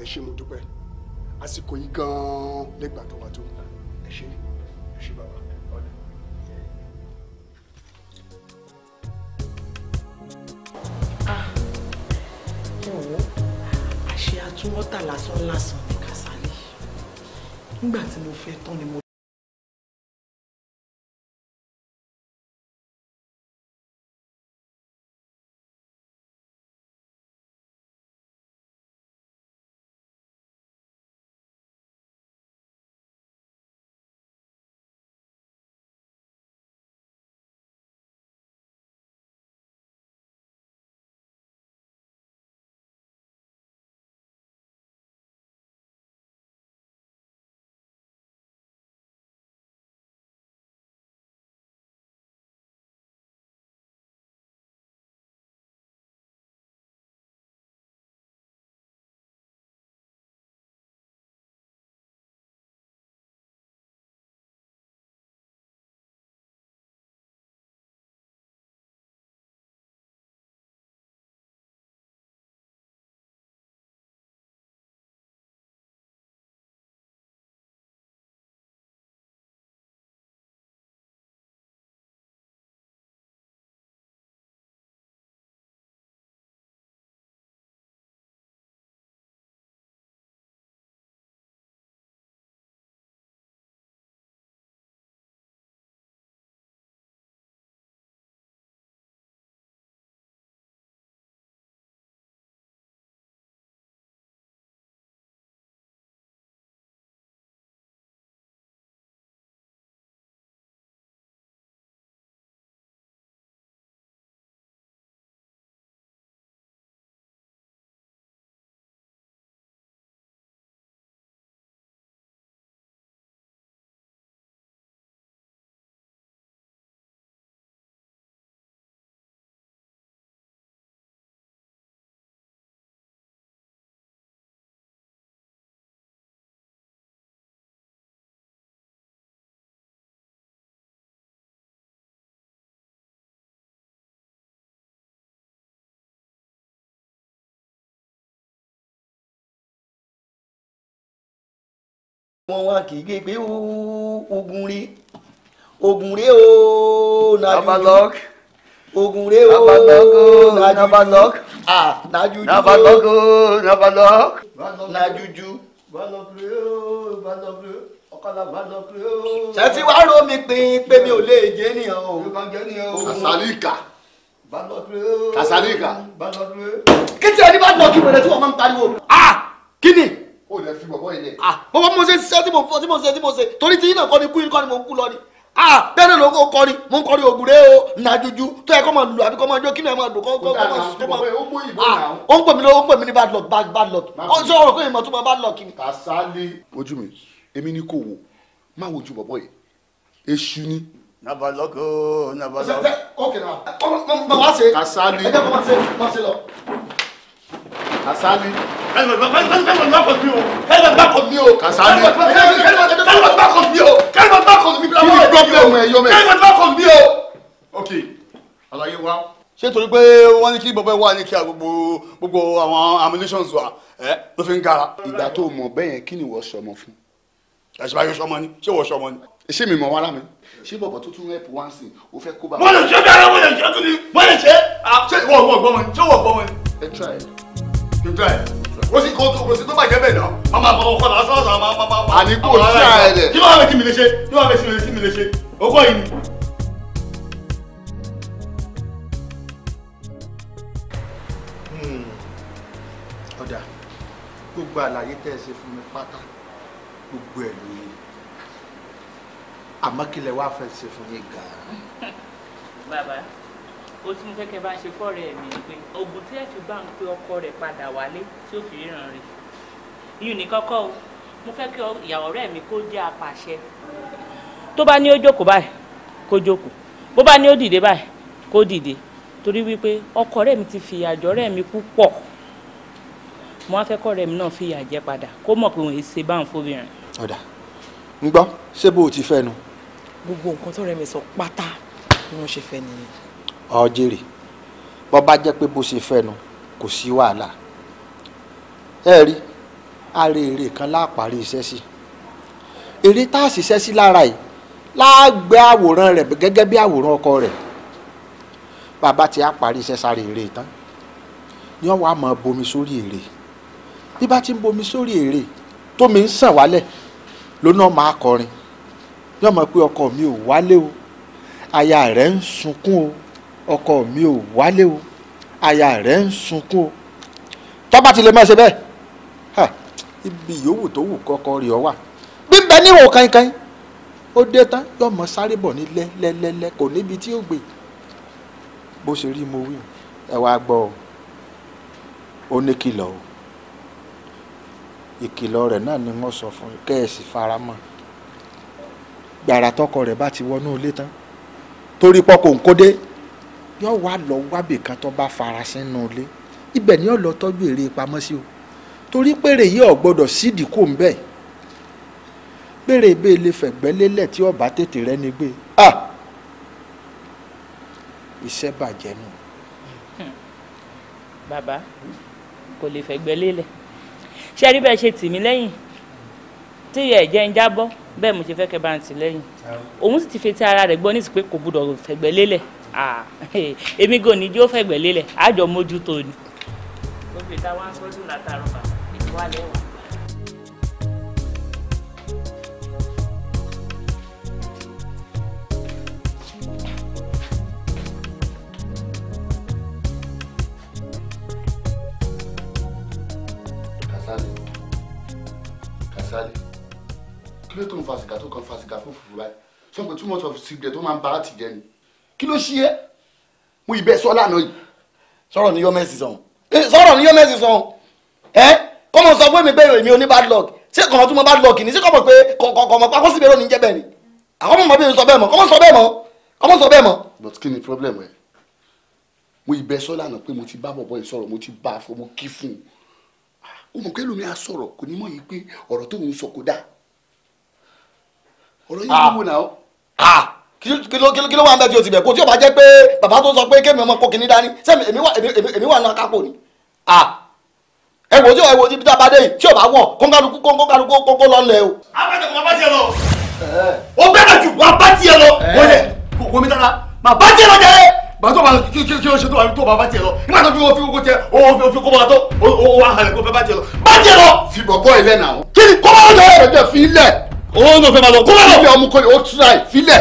ẹ ṣé mo dúpẹ́ àsìkò yìí gan-an lẹ́gbàá tó wá tó ẹ ṣé ẹ ṣé bàbá. ọ̀wọ́ ah, àṣẹ atúmọ̀tà lásán lásán ní Kàsálí nígbà tí mo fẹ́ tán ni mo wọn wá kì í gé pé ogun rè ogun rè o nàdúró ogun rè o nàdúró ah nàdúró nàdúró nàdúró. sẹ́tí wàá romi pin pé mi ò lè jẹ́ nìyẹn o. àsálíkà kàsálíkà. kí tí ẹni bá lọ kí wẹ̀rẹ̀ tí wọ́n máa ń pariwo. ah kí ni o lè fi bọ̀bọ̀ ilẹ̀. mo bọ́ mo ṣe ṣiṣẹ́ tí mo fọ́ tí mo ṣe tí mo ṣe torí tí yín náà kọ́ ni kú yín kọ́ ni mo ń kú lọ ni. Ah, bẹ́ẹ̀ náà ló ń kọ́ ni mo ń kọ́ ni ògùnrẹ́ o nàdújú tó yẹ kó máa lù àbí kó máa jó kí ni ẹ máa dùn kó máa sùn. Ah, ó ń pè mí ó ń pè mí ní bad luck bad bad luck ó sọ ọ̀rọ̀ pé èèmọ̀ tó máa bad luck ni. Kasali ojú mi èmi ni kò wò má wojú bọ̀bọ̀ yìí èṣù ni. nabalọ́kọ̀ nabalọ́kọ̀. Kasali. Kasali. kẹ́lẹ́mọ̀ bá kọ̀ mí ṣé torí pé wọ́n ní kí bọ́bọ́ wà ní kí gbogbo gbogbo àwọn ammunitions wa ẹ ló fi ń gara. ìgbà tó mọ̀ bẹ́yẹn kí ni wọ́n sọmọ fún ẹ̀sìn báyọ̀ sọmọ ni ṣé wọ́n sọmọ ni ṣé mi mọ̀ wá lámì. ṣé bọ̀bọ̀ tó tún rẹ́pù wá o fẹ́ kó bá. mo lè ṣe bí ara mo lè ṣe tún ni mo lè ṣe. Ah, ṣé wọ́n gbọ́ mi ṣé wọ́n gbọ́ mi. ẹ tíra ẹ níjọ́ ẹ̀ ó sì kó kò sí tó bàjẹ́ bẹ́ẹ̀ náà màmá àbọ̀ ọkọ náà sọ́ọ̀sọ̀ máa máa máa. àníkò sí ààrẹ rẹ̀. kí ló wà fẹ́ kí mi lè ṣe kí ló wà fẹ́ kí mi lè ṣe ó kọ́ yìí ni. Hmm. gbogbo àlàyé tẹ́ ẹ ṣe fún mi pátá gbogbo ẹ̀ ló yé àmọ́ kí lẹ wá fẹ́ ṣe fún mi gan-an. bàbá ó ti ń fẹ́ kẹ́ bá ń ṣe fọ́ọ̀rẹ́ mi ni pé oògùn tí ẹ fi bá ń pe ọkọ rẹ̀ padà wálé tí ó fi ríran rẹ̀ yìí ní kọ́kọ́ o mo fẹ́ kí ìyàwó ọ̀rẹ́ mi kó jẹ́ apàṣẹ. tó bá ní ó jókòó báyìí kó jókòó bó bá ní ó dìde báyìí kó dìde torí wípé ọkọ ọ̀rẹ́ mi ti fi àjọ ọ̀rẹ́ mi púpọ̀ mo wá fẹ́ kọ́ ọ̀rẹ́ mi náà fi ìyà jẹ padà kó mọ̀ pé òun èyí ṣe bá ń fóbìnrin. ọ̀dà ń gbọ́ ṣé bó o ti fẹ́ nu. gbogbo nǹkan tó rẹ mi sọ pátá ni mo ṣe fẹ́ nìyẹn ọjẹrè bó bá jẹ́ pé bó ṣe fẹ́nu kò sí wàhálà ẹ rí ààrẹ èrè kan láàparí iṣẹ́ sí èrè tá a ṣiṣẹ́ sí lára yìí láàgbé àwòrán rẹ̀ gẹ́gẹ́ bí àwòrán ọkọ rẹ̀ bàbá tí a parí iṣẹ́ sáré èrè tán ni wọ́n wá máa bomi sórí èrè bí bá ti ń bomi sórí èrè tómi ń sàn wálẹ̀ lónà máa kọrin yọ̀ọ́ mọ̀ pé ọkọ mi ò wálé o aya rẹ̀ ń sunkún o ọkọ mi ò wálé o aya rẹ̀ ń sunkún o tọ́ba ti lè máa ṣe bẹ́ẹ̀ ibi yòówù tó wù kọ́kọ́ rí ọ wà bíbẹ níwò kankan ó dé tán yóò mọ sáré bọ̀ ní lẹ́lẹ́lẹ́lẹ́ kò níbi tí ó gbé bó ṣe rí mo wí ẹ wá gbọ́ ọ ó ní kìlọ̀ o ìkìlọ̀ rẹ̀ náà ni wọ́n sọ fún kẹ́ẹ̀sì faramọ́ gbàrà tọkọ rẹ̀ bá ti wọnú ilé tán torí pọkò ń kó dé yóò wá lọ wábì kan tó bá fara sínú ilé ibẹ̀ ni yóò lọ tọ́jú èrè pamọ́ sí o torí péré yìí ò gbọ́dọ̀ sídìí kò ń bẹ̀ péré ibẹ̀ lè fẹ̀gbẹ́ lélẹ̀ tí ọba tètè rẹ ni gbé a iṣẹ́ bàjẹ́ nù. [LAUGHS] bàbá kò lè fẹ̀gbẹ́ ṣé rí bẹ́ẹ̀ ṣe tì mí lẹ́yìn tí ìyá ẹ̀jẹ̀ ń jábọ́ bẹ́ẹ̀ mo ṣe fẹ́ kẹ́ bá ń tì lẹ́yìn òun sì ti fetí ara rẹ̀ gbọ́ nísìsiyìí pé kò gbọ́dọ̀ fẹ̀gbẹ́ [LAUGHS] èmi kò ní jó fẹ̀gbẹ́ lélẹ̀ àjọ mójútó ni. kí ló tó ń fa sìgá tó kàn fa sìgá fún fùfú báyìí sọ pé two months of cigarette ó máa ń bá láti jẹ ni kí ló ṣí ẹ mo ì bẹ sọ lánàá yìí sọ̀rọ̀ ní yọmẹsì sọhún eh, sọ̀rọ̀ ní yọmẹsì sọhún ẹ kọmọ sọ fún mi pé èmi ò ní bad luck ṣé kọmọ tún mọ bad luck ni ṣé kọmọ pé kọmọ pa kọsí bẹ̀rẹ̀ ò ní jẹ bẹ́ẹ̀ ni àkọmọ mọ bí mi sọ bẹ́ẹ̀ mọ́ kọmọ sọ bẹ́ẹ̀ mọ́ kọmọ sọ bẹ́ẹ̀ mọ́. but kí ni problem ẹ mo ì bẹ sọ lánàá pé mo ti bá bọ̀bọ̀ yìí sọ̀rọ̀ mo ti bá a fọ mo kí fún un òun kẹlòmí a sọ̀rọ̀ kò ní mọ̀ yìí pé ọ̀rọ̀ tóun sọ kò dáa ọ̀rọ̀ yìí ló ah. wò náà. Ah kí ló kí ló wà ń bẹ tí o ti bẹ̀ kó tí o bá jẹ́ pé bàbá tó sọ pé kémi ọmọ kó kìíní dání sẹ́mi èmi wà èmi wà ní akápò ni à ẹ wò tí o ẹ wò tí bíi abadé yìí tí o bá wọ̀n kónkálukú kónkálukú kónkó lọ lẹ o. abẹ́tẹ̀ mọ bá tiẹ̀ lọ o bẹ́ẹ̀ jù wà bá tiẹ̀ lọ wọlé kò mi tara mà bá tiẹ̀ lọ jẹ́rẹ́ bàtọ́ bá kí kí kí o ṣe tó o bá bá tiẹ̀ lọ nígbà tó fi wo fi kókó tiẹ̀ o o fi kó bá tó o o wà hàlẹ̀ kó fẹ́ bá tiẹ̀ lọ bá tiẹ̀ lọ. fìbọ̀ bọ́ ilẹ̀ náà. kí ni kọ́mọ́ ọ̀dọ́ ẹ̀rọ ó nà fẹ́ máa lọ kó máa lọ. ilé ọmọ kọ́ni ó tura ẹ̀ filẹ̀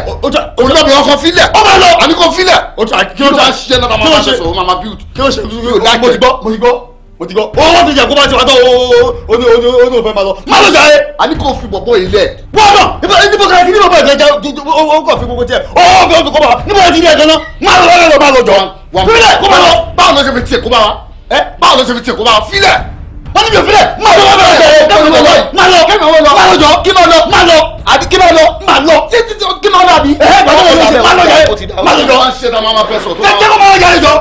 olùdókòwò ọkọ̀ filẹ̀. ó máa lọ àní kò filẹ̀. ó tura kí ló ṣe ṣiṣẹ́ náà máa ṣe sọ̀rọ̀ máa build. kí ló ṣe mo ti gbọ́ mo ti gbọ́ mo ti gbọ́. ó wọ́n ti jẹ́ kó máa ṣe wá tán ó ní ó ní ó fẹ́ máa lọ. máa lọ jàre. àní kò fi bọ̀bọ̀ ilẹ̀. wọ́n níbo kan kí níbo kan ìgbẹ́jà ó kàn fi gbogbo tiẹ̀ ó kàn fi kó bá wa níbo kan kí ní ẹ̀jẹ̀ náà máa lọ máa lọ máa lọ jọ. filẹ̀ kó máa lọ. báwo ló ṣe fi tiẹ̀ kó bá wa. báwo ló ṣe fi tiẹ̀ kó bá wa filẹ̀ wọ́n níbi òfìlẹ̀ má lọ má lọ kẹ́mi wọ́n lọ má lọ kẹ́mi wọ́n lọ má lọ jọ kí má lọ má lọ àbí kí má lọ má lọ títí kí má lọ àbí ẹ̀hẹ́ gbọ́dọ̀ wọ́n lọ sí má lọ yàrá má lọ jọ tẹ́tẹ́ kó má lọ yàrá jọ.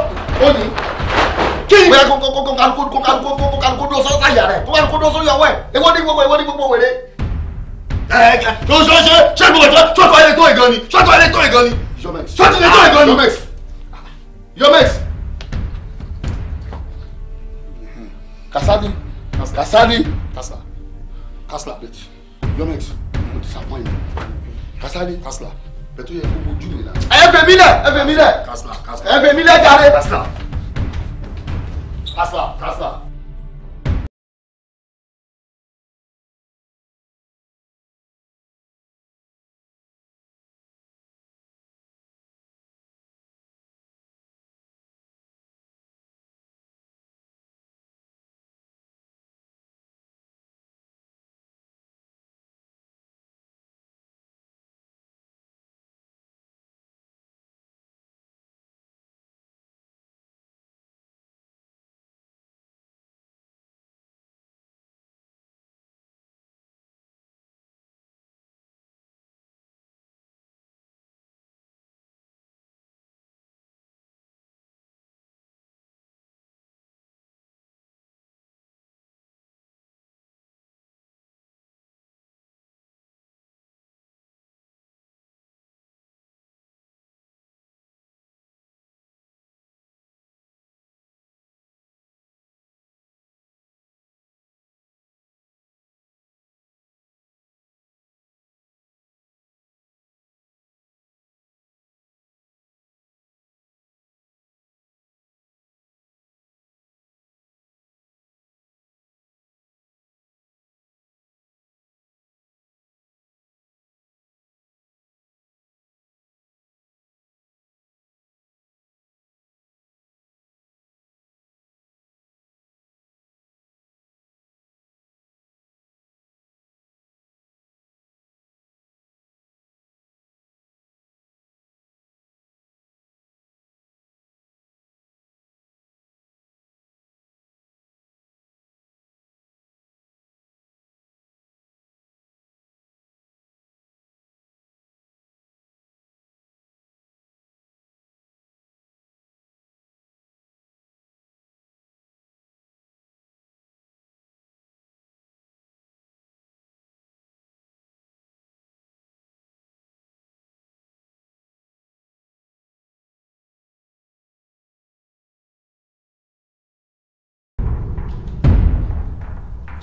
kí ni kókàlùkó dó sọ́sà yàrá kókàlùkó dó sọ́sà yàwó ẹ̀ ewọ́ ní gbogbo ewọ́ ní gbogbo wèrè tó ṣe ṣe ṣe gbogbo ìjọ ṣọ́tọ̀ ayé tó ìgan ni ṣọ́tọ̀ ayé tó ìgan ni kasadi. Kasali. Kasla. Kasla. Wait. Your mate. Mo disappoint you. Kasali. Kasla. Bẹ̀tú yẹ kó ojú mi náà. Ẹ bẹ̀ mí lẹ̀! Ẹ bẹ̀ mí lẹ̀! Kasla. Kasla. Ẹ bẹ̀ mí lẹ̀ jàre. Kasla. Kasla. Kasla.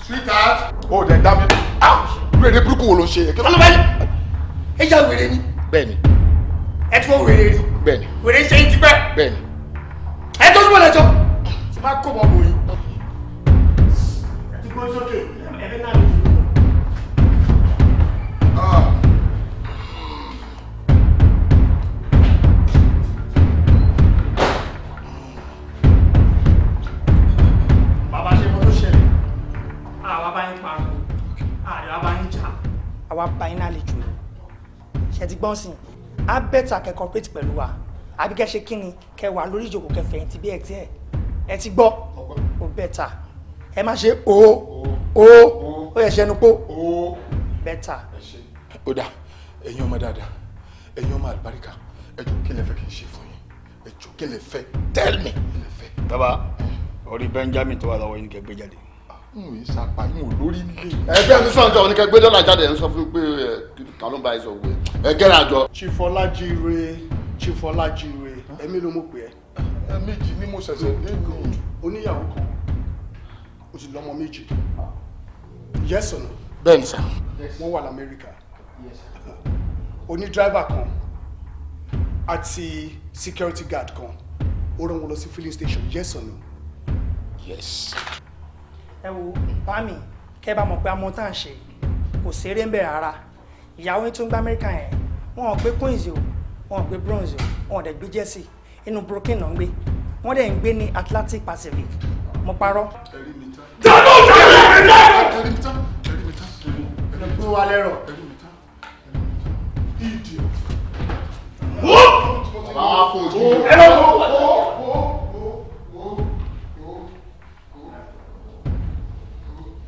sweetheart. o dẹ̀ dá mi. wèrè burúkú wo ló ń ṣe yẹ. ọlọ́ba yìí ẹ yà wèrè ni. bẹ́ẹ̀ni. ẹ tí wọn wèrè rí. bẹ́ẹ̀ni. wèrè ṣe é ti pẹ́. bẹ́ẹ̀ni. ẹ tó túbọ̀ lẹ́jọ́. ṣe máa kó bọ̀ bò yìí. ẹ ti gbọ́ sókè. wá bá iná àlejò yìí ṣe ti gbọ́n sìn á bẹ́tà kẹ́ cooperate pẹ̀lú wa àbí kẹ́ ṣe kí ni kẹ́ wà lórí ìjòkó kẹ́ fẹ̀yìntì bí ẹ ti ẹ̀ ẹ ti gbọ́ ó bẹ́tà ẹ má ṣe o o ó yẹ ṣẹnu pó bẹ́tà. ó dà ẹ̀yin ọmọ dáadáa ẹ̀yin ọmọ àlùbáríkà ẹ̀jọ̀ kí lẹ fẹ́ kí n ṣe fún yín ẹ̀jọ̀ kí lẹ fẹ́ tell me. bàbá orí Benjamin tó wà lọ́wọ́ yín kẹ́ gbé jáde n sapa n ò lórí ilé. ẹgbẹ́ mi sọ̀rọ̀ jọ dọ́là jáde ń sọ fún pé ta ló ń bá ẹ sọ pé ẹ gẹ́rẹ́ àjọ. chifọlájíire chifọlájíire ẹ̀mí ló mọ̀ pé ẹ. ẹ méjì ni mo ṣẹ̀ṣẹ̀ dé kù. oníyàwó kan o ti lọ́mọ méjì yes or sá. wọ́n wà lamẹ́ríkà oní dráìvà kan àti security guard kan ó rán wọn lọ sí filling station yes yes ẹ wo bá mi kẹ́ bá mọ̀ pé amọ̀ tá à ń ṣe kò ṣeré ń bẹ̀ rárá ìyàwó yín tó ń gba amẹ́ríkà yẹn wọn ò gbé queens o wọn ò gbé bronze o wọn ò dẹ̀ gbé jersey inú brooklyn náà ń gbé wọn dẹ̀ ń gbé ní atlantic pacific mo parọ́. dáná dáná ẹ̀dá. ẹ pé wa lẹ́rọ̀. ìdí. ẹ lọ́kọ̀ọ́.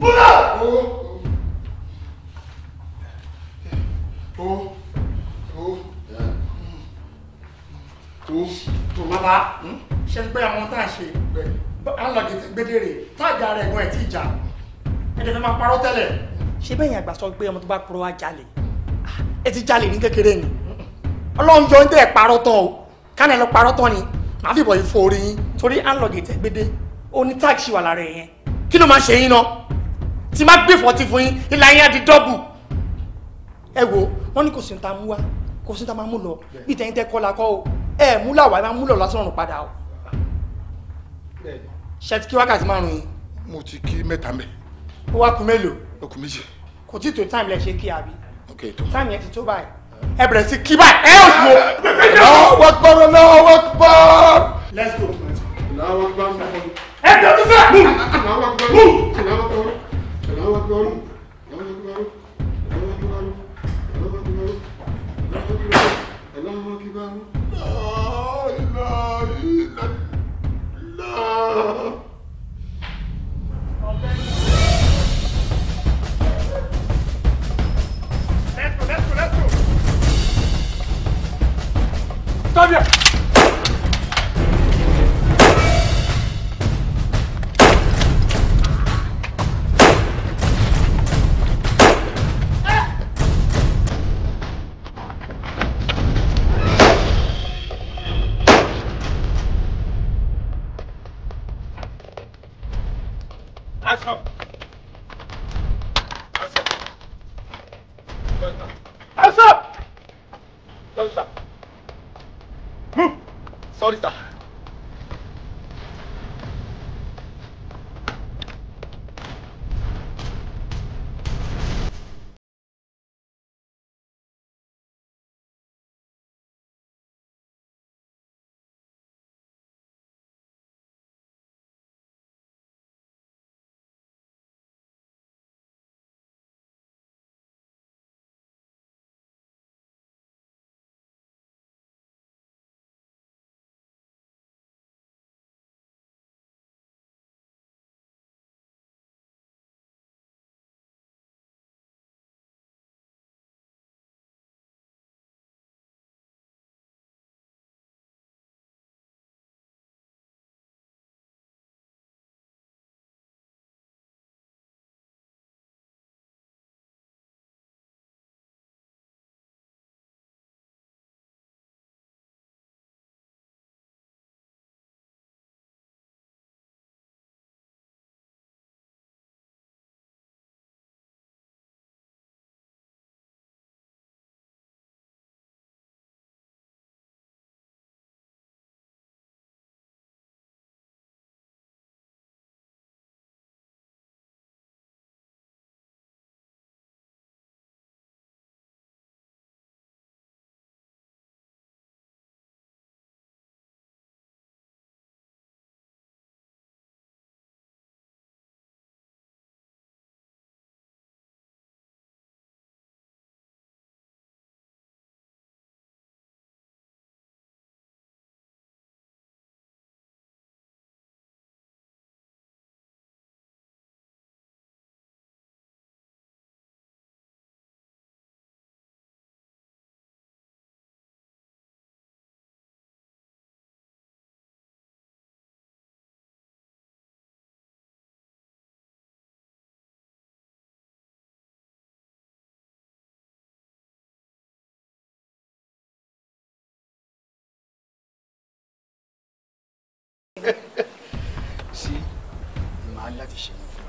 Move out! Oh. Oh. Oh. Oh. Tó bàbá ṣe ń pé àwọn tá à ń ṣe alọ́dẹ ti gbédèrè táàgà rẹ̀ gan ẹ̀ tí ìjà ẹ̀dẹ̀ fẹ́ máa parọ́ tẹ́lẹ̀. Ṣé bẹ́yìn àgbà sọ pé ọmọ tó bá purọ́ wá jalè? Ẹ ti jalè ní kékeré ni. Ọlọ́run jọ ń tẹ̀ parọ́ tán o. Kánẹ̀ lọ parọ́ tán ni. Màá fìbọn yìí fò orí yín torí alọ́dẹ tẹ̀ gbédè. Ó ní táàgì ṣì wà lára ẹ̀ yẹn. Kí ló máa ṣe yín náà? tí má gbé fọ́tí fún yín ilà yín á di dọ́bù. ẹ wo wọn ní kò sí ta mú wa kò sí ta máa mú lọ bí tẹ̀yìn tẹ́ kọ́ la kọ́ o ẹ mú làwà ẹ máa mú lọ lásán ọ̀run padà o. ṣètì kí wákàtí márùn yín. mo ti kí mẹ́ta mẹ́. ó wá kun mélòó. ó kun méjì. kò tí tó táìmù lẹ ṣe kí àbí. ok tó. táìmù yẹn ti tó báyìí ẹ bẹ̀rẹ̀ sí kí báyìí ẹ ò wo. náà gbọ́dọ̀ náà wọ́n gbọ́dọ̀. let's go. ẹ jẹ́ sísè. Allahu Akbar, Allahu Akbar, Allahu Akbar, Allahu Akbar, Allahu Akbar, Allahu Akbar, La ilaha illallah. Let's go, let's go, let's go. Stop here. どうした sí [LAUGHS] màá láti ṣe mí fún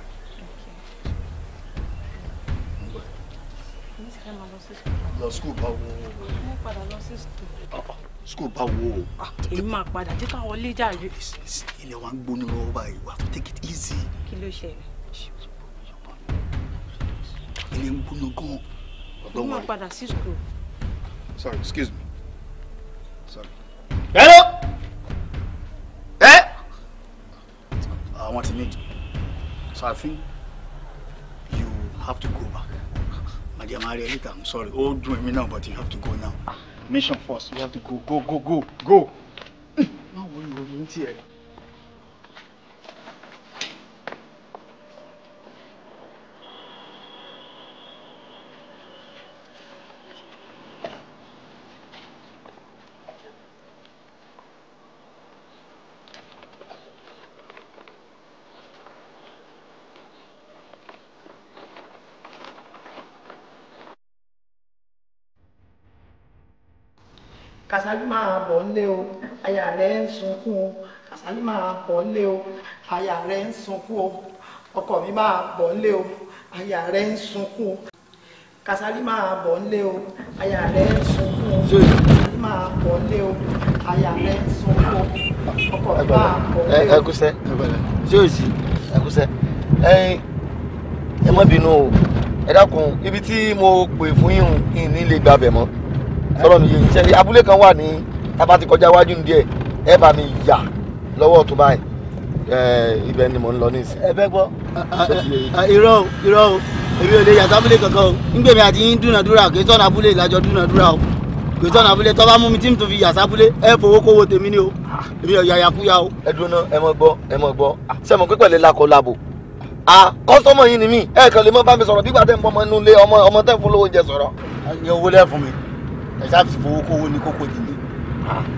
ẹ. lọ skul báwo. mo padà lọ sí skul. skul báwo. èyí máa padà jẹ́ ká wọlé jàre. ilé wa ń gbóná lọ́wọ́ báyìí wà á take it easy. kí ló ṣẹlẹ̀. ilé ń gbóná gan-an. máa padà sí skul. sorry excuse me. sorry. hello. àwọn ti need so I think you have to go back madam Maria later I'm sorry ó dùn èmi now, but you have to go now mission first you have to go go go go go. má wọlé wọlé ní tiẹ̀. Kàsálí máa bọ̀ lé o aya rẹ̀ ń sunkún o Kàsálí máa bọ̀ lé o aya rẹ̀ ń sunkún o ọkọ mi máa bọ̀ lé o aya rẹ̀ ń sunkún o Kàsálí máa bọ̀ lé o aya rẹ̀ ń sunkún o Kàsálí máa bọ̀ lé o aya rẹ̀ ń sunkún o ọkọ mi máa bọ̀ lé o. ẹ kúsẹ́ jóòjì ẹ kúsẹ́ ẹyin ẹ má bínú o ẹ dákun ibi tí mo pè fún yín ní lè gbàbẹ̀ mọ́ sọ̀rọ̀ mi yé ṣe abúlé kan wà ní tábà ti kọjá iwájú díẹ̀ ẹ bá mi yà lọ́wọ́ ọ̀tún báyìí ibẹ̀ ni mò ń lọ nísìn. ẹ bẹ gbọ́ irọ́ o irọ́ o èmi ò lè yàtọ̀ abúlé kankan o ńgbèmí àti yín dúnàdúrà kì í sọ̀nà abúlé ìlàjọ dúnàdúrà o kì í sọ̀nà abúlé tọ́ bá mú mi tí mo tún fi yàtọ̀ abúlé ẹ fowó kówó tèmi ni o èmi ò yàyà kúya o. ẹ dúró náà ẹ mọ gbọ́ ẹ mọ gbọ́ sẹ́mu ah, pípẹ́ lè lakọ labo a ah, kọ́sọ́mọ̀ yín ni mí ẹ kàn lè mọ bá mi sọ̀rọ̀ bí gbàtẹ́ ń bọ́ ọmọ inú ilé ọmọ ọmọ tẹ́ fún lówó oúnjẹ sọ̀rọ̀. owó lẹ́ fún mi ẹ ṣáà fi fowó kówó ní kókó dìde.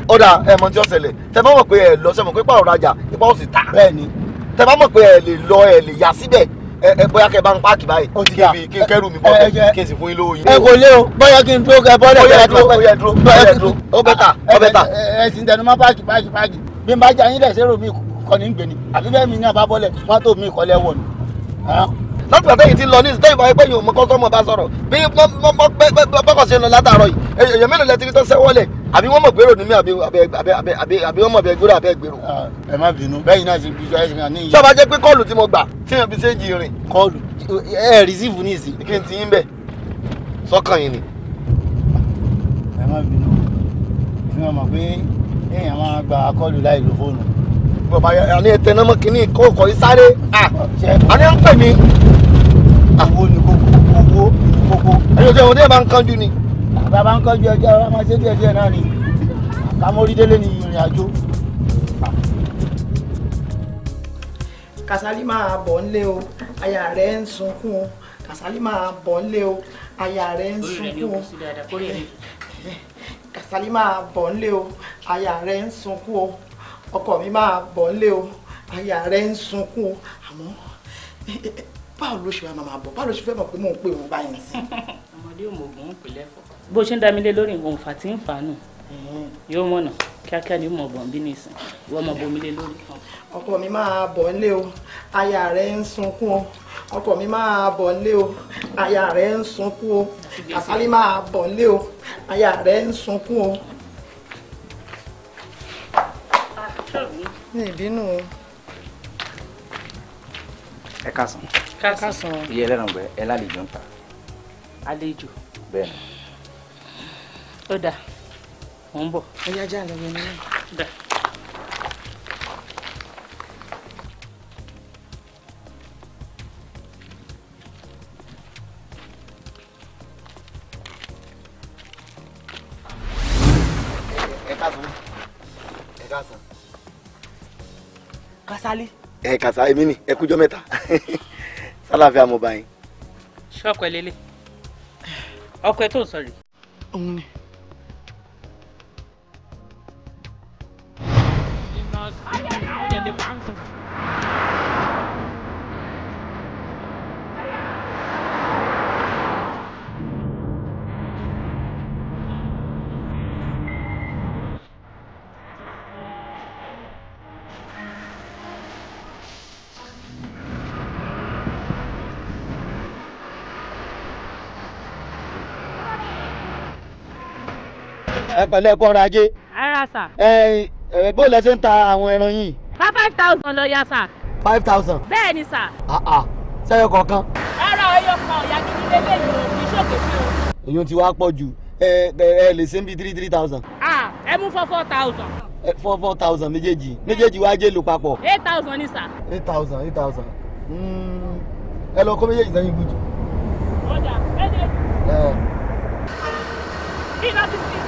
ó dà ẹ mọ tí ó ṣẹlẹ̀ tẹ bá mọ̀ pé ẹ lọ sẹ́mọ̀ pé pààrọ̀ rajà ipa ó sì tà bẹ́ẹ̀ ni tẹ bá mọ̀ pé ẹ lè lọ ẹ lè yà síbẹ̀ ẹ bóyá kẹ bá ń páàkì báyìí kébì kí n kẹrù mi bọ́ọ̀lù kí n sì fún yín lówó ẹ kò lé o bóyá kí n dúró kẹ bọ́ọ̀lù ẹ dúró bóyá dúró bóyá dúró ó bẹ́tà ah, ó bẹ́tà. ẹ sì ń tẹnu mọ́ páàkì páàkì páàkì bí n bá jẹ ayín lẹ̀ sẹ́rò mi kọ́ni ń gbé ni àbí bẹ́ẹ̀ mi ní àbábọ́lẹ̀ mọ́tò mi kọ́lẹ̀ wọ̀ ni. Ah lọ́dún àtẹ̀yìn ti lọ ní ìsìtẹ́yìn báyìí pé yìí ò mọ kọ́sọ́mọ̀ bá sọ̀rọ̀ bí bọ́kọ̀ ṣe lọ látàárọ̀ yìí èèyàn mélòó lẹ ti rí tó sẹ́wọ́lẹ̀ àbí wọ́n mọ̀ gbèrò ní mi àbí wọ́n mọ̀ bẹ gbèrò àbẹ gbèrò. Ah, ẹ má bínú bẹ́ẹ̀ náà ṣe bíjọ ẹ̀sìn náà níyì. sábà jẹ́ pé kọ́ọ̀lù tí mo gbà tí mo fi ṣe jì rìn. kọ́ọ̀lù ẹ rìsíìfù ní ìsìn. kí n ti yín bẹ̀ sọ́kàn yìí ni. ẹ má bínú fi hàn mọ̀ pé èèyàn máa gba kọ́ọ̀lù láì lo fóònù. bàbá àní ẹ tẹnumọ́ kínní kó kọ́ sáré àní ah, à ń pè mí àwọn oníkókó owó oníkókó. ẹni ojú ọmọdé máa ń kánjú ni. bàbá ń kánjú ẹjọ́ ọ̀rọ̀ máa ṣe díẹ̀ díẹ̀ náà ni kàmórídélé ni ìrìn àjò. Kàsálí máa bọ̀ ńlé o aya rẹ̀ ń sunkún o Kàsálí máa bọ̀ ńlé o aya rẹ̀ ń sunkún o Kàsálí máa bọ̀ ńlé o aya rẹ̀ ń sunkún o ọkọ mi máa bọ̀ ńlé o aya rẹ̀ ń sunkún o àmọ́ báwo ló ṣe wá máa bọ̀ báwo ló ṣe fẹ́ mọ̀ pé mò ń pè wọ́n báyìí sí. ọmọdé ò ń pè lẹ́fọ̀. bó ṣe ń dá lé lórí nǹkan òǹfà tí ń fà nù yóò mọ̀nà kíákíá ni mo bọ̀ bí nìsín ìwọ ọmọ bomi lé lórí. ọkọ mi máa bọ̀ nílé o aya rẹ̀ ń sunkún o ọkọ mi máa bọ̀ nílé o aya rẹ̀ ń sunkún o àsálí máa bọ̀ nílé o aya rẹ̀ ń sunkún o. Ah, ní ìbínú ẹ ká sàn kásán iye ẹlẹ́ran gbẹ ẹ lálejò ń ta. àlejò. bẹ́ẹ̀ ni. ó dà mò ń bọ̀. ó yá já lọ́wọ́ ní náà. Kasali. ẹ kasa èmi ni ẹ kújọ mẹ́ta. [LAUGHS] sálàfíà mo bá yín. ṣọ́ọ̀kù ẹ lélẹ̀ ọkọ ẹ tó ń sọ rèé. òun ni. Ayẹyẹ! pẹ̀lú ẹ̀kọ́ ọrọ̀ ajé. ara sà. ẹ ẹ bó lẹ ṣe ń ta àwọn ẹran yìí. bá five thousand lọ ya sà. five thousand. bẹ́ẹ̀ ni sà. sẹ́yọ kọ̀ọ̀kan. ara ẹyọ kan ọ̀yà gidi lélẹ́yìn o kì í ṣòkèké o. èyí ti wá pọ̀ jù ẹ ẹ lè ṣe ń bi three three thousand. ah ẹ mú four four thousand. four four thousand méjèèjì méjèèjì wá jẹ́ lò papọ̀. eight thousand ni sà. eight thousand eight thousand hmm. ẹ lọ kó méjèèjì sẹ́yìn bùtù. ọjà méjèèjì. kí ló ti sí.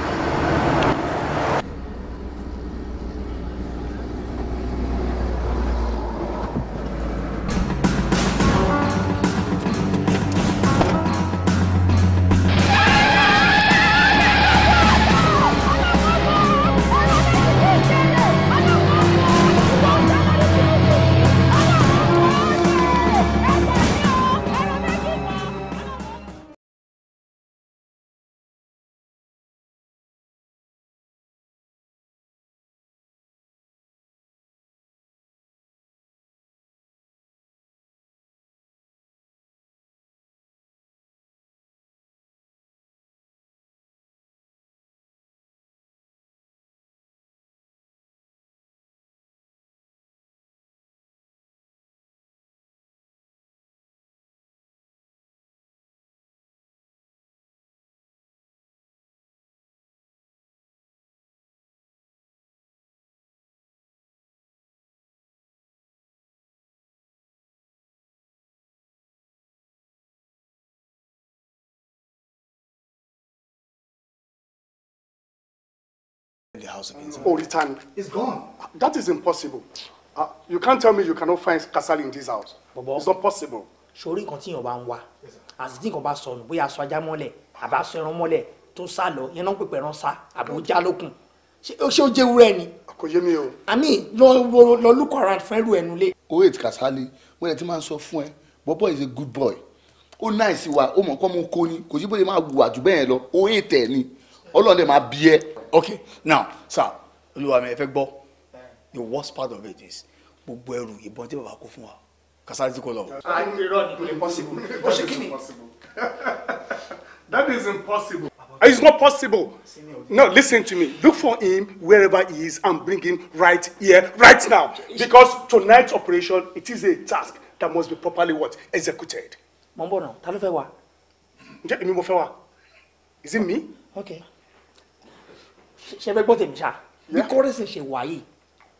house again. Oh, returned. It's gone. Ah, that is impossible. Uh, you can't tell me you cannot find Kasali in this house. Bobo, it's not possible. Sori continue your èèyàn As ń wá. Àti tí nǹkan bá sọnù bóyá aṣọ ajá mọ́lẹ̀ àbá aṣọ ẹran mọ́lẹ̀ tó sá lọ yẹn náà she pèpè ẹran sá àbò já lókun. mi o. Àmì lọ look around fún ẹrú ẹnu lé. O oh, wait Kasali, mo yẹ ti máa ń sọ fún Bobo is a good boy. Ó náà wa. wà, ó mọ̀ kọ́ mo kó ni, kò sí bóyá máa wù àjù bẹ́ẹ̀ lọ, ó oh, ètè ni, Ọlọ́run dẹ̀ máa bí ẹ okay now sir olúwa mi ẹ fẹ́ gbọ́ the worst part of it is gbogbo ẹrù ìbọn tí bàbá kó fún wa kasari ti kó lọ. Ah, [LAUGHS] that is impossible. It's not possible. No, listen to me. Look for him wherever he is and bring him right here, right now. Because tonight's operation, it is a task that must be properly what? Executed. Mọ̀ ń bọ̀ náà, ta ló fẹ́ wá? Ǹjẹ́ èmi Is it me? Okay ṣe fẹ́ gbọ́ tèmi ṣá bí kọ́rẹ́sì ṣe wà yìí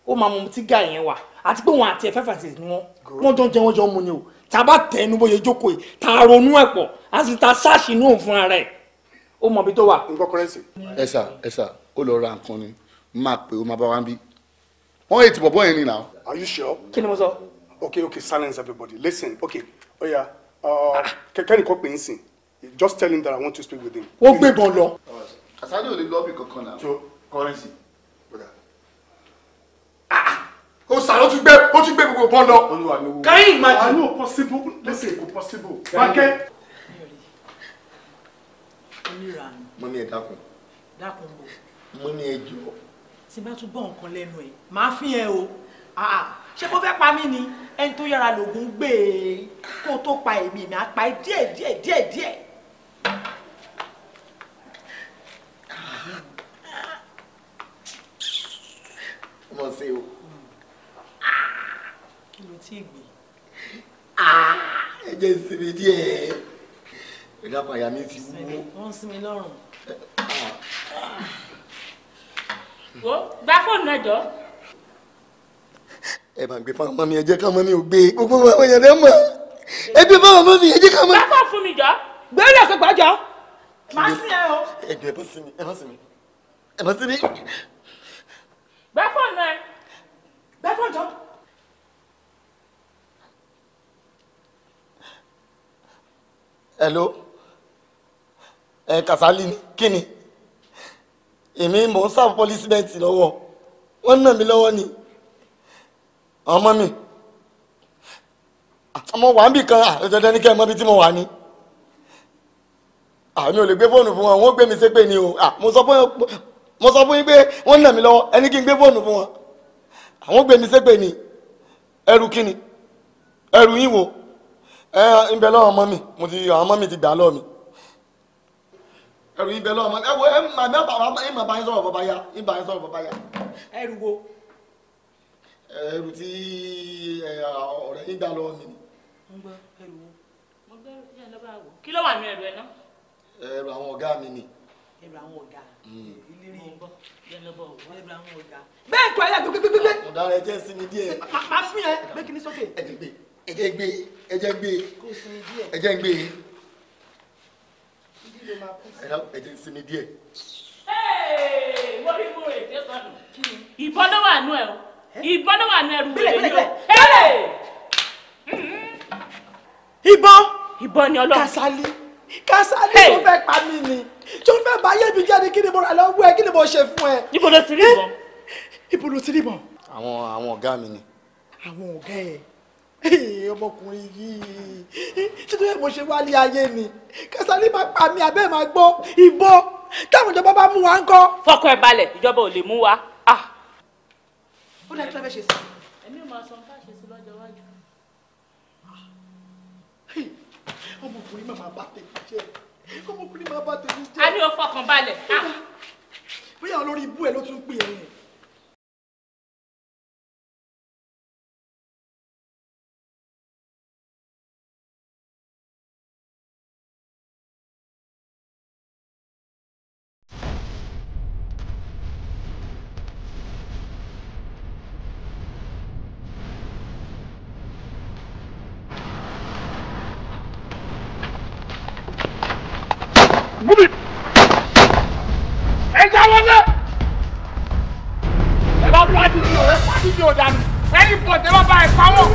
ó máa mú tí guy yẹn wà àti pé wọn àti ẹ̀fẹ́ fàṣẹ ni wọn wọn jọ ń jẹ wọn jọ ń mu ni o tá a bá tẹ ẹnu bóyá jókòó yìí tá a ronú ẹ̀ pọ̀ á sì ta sáàṣì inú òun fúnra rẹ̀ ó mọ ibi tó wà. n kọ kọ́rẹ́sì. ẹ sà ẹ sà ó lọ ra nǹkan ni máa pè ó máa bá wa ń bí wọn ètò bọ̀bọ̀ yẹn ni are you sure. kí ni mo sọ. ok, ok, silence everybody listen okay oya uh, kẹ́kẹ́ nìkan pè é sìn just tell him that i want to speak with him. ó gbébọn lọ. Asade ò lè lọ́ọ̀bì kankan náà. So currency. O sà ló tún gbé ó tún gbé gbogbo bọ́ọ̀ lọ. Olúwa mi wo. Can you imagine? I know possible. Listen kò possible. Bákẹ́. Mo ní ẹ dákun. Dákun bò. Mo ní ẹ jọ. Tí bá tún bọ̀ nǹkan lẹ́nu ẹ̀, màá fi ẹ o. Ah, ah. Ṣé kó fẹ́ pa mí ni? Ẹni tó yára lògùn gbé e kó tó pa èmi, mi á pa ẹ díẹ̀ díẹ̀ díẹ̀ díẹ̀. mọ̀ sí o. kí ló tí ì gbé. ẹ jẹ́ ìsinmi díẹ̀ ìdápa àyà mi ti wú. wọ́n ń sinmi lọ́rùn. Ah. wo gba fóònù náà jọ. ẹ máa gbé fáwọn ọmọ mi ẹ jẹ́ káwọn ọmọ mi ò gbé gbogbo àwọn èèyàn rẹ mọ̀ ẹ gbé fáwọn ọmọ mi ẹ jẹ́ káwọn. gbá fóònù fún mi jọ gbé lọ sọ gbàjọ. má sí ẹ o. ẹ jọ ẹ bá sí ẹ bá sí ẹ bá sí gbẹ fóònù ẹ gbẹ fóònù jọ. hello ẹ Kasali ni kí ni èmi mò ń sáfù pọlísímẹ́ǹtì lọ́wọ́ wọ́n ń nà mí lọ́wọ́ ni ọmọ mi ọmọ wà ń bì kan àtẹ̀tẹ̀ ní kẹ́ ẹ mọ ibi tí mo wà ni àmì ò lè gbé fóònù fún wọn wọn ó gbé mi ṣépè ni o mo sọ pé mo sọ fún yín pé wọ́n nà mí lọ́wọ́ ẹni kí n gbé fóònù fún wọn àwọn gbèmí ṣépè ni ẹrù kíni ẹrù yín wo ẹ ń bẹ lọ́wọ́ ọmọ mi mo ti àwọn ọmọ mi ti gbà lọ́wọ́ mi ẹrù yín bẹ lọ́wọ́ ọmọ mi ẹ wo ẹ màmí àbàbà ẹ màbà yín sọ̀rọ̀ bàbá ya ẹ bà yín sọ̀rọ̀ bàbá ya ẹrù wo ẹrù tí ọ̀rẹ́ yín gbà lọ́wọ́ mi ni. mo gbọ́ ẹrù wo mo gbẹ́rù kí ló wà nínú ẹrù ẹ náà. ẹrù àwọn ọ̀gá mi ni ẹrù àwọn ọ̀gá hmm. ìlérí ìbọn yẹlẹbọ ọwọ́ ẹrù àwọn ọ̀gá. bẹ́ẹ̀ kọ́ ẹ̀yà gbégbégbé. ọ̀daràn ẹ̀jẹ̀ sinmi díẹ̀. màá fún yẹn gbé kinní sókè. ẹ̀jẹ̀ gbé ẹ̀jẹ̀ gbé ẹ̀jẹ̀ gbé ẹ̀jẹ̀ gbé ẹ̀jẹ̀ sinmi díẹ̀. mo rí mo rè dé sọ́dún. ìbọn ló wà nú ẹ o ìbọn ló wà nú ẹrù rẹ yìí o. ìbọn ìbọn ni ọlọ́run. Kasali. Kásálí tó fẹ́ pa mí ni tó fẹ́ bá yé mi jẹ́ ni kí ni mo rà lọ́wọ́ ẹ kí ni mo ṣe fún ẹ. ibo ló ti rí ìbọn. ibo ló ti rí ìbọn. àwọn àwọn ọ̀gá mi ni. àwọn ọ̀gá ẹ̀ ọmọkùnrin yìí títí yẹn mo ṣe wálé ayé ni Kásálí máa pa mí abẹ́ máa gbọ́ ìbọn táwọn ìjọba bá mú wa ń kọ́. fọkàn ẹ balẹ̀ ìjọba ò lè mú wa. Ah! ó dẹ́ kí ló fẹ́ ṣe sí i. èmi ò máa sọ fún ọmọkùnrin máa máa bá tèmi jẹ́ ọmọkùnrin máa bá tèmi jẹ́. a ní o fọkàn balẹ̀. Ah. bóyá olórí ibú ẹ ló tún pè é gúmi. ẹ jáwọ́ lé. ẹ bá bá dídì o ẹ bá dídì o dànù ẹni bọ̀ tẹ bá bá ẹ pa wọ́n.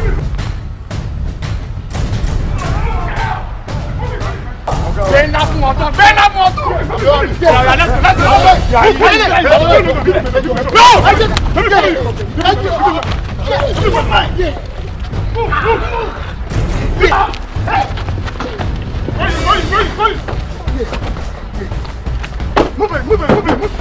bẹ́ẹ̀ ná fún ọtọ bẹ́ẹ̀ ná fún ọtọ. Move, move, move! Hey! Hey! Hey! Hey! Hey! Move it, move it, move it, move it.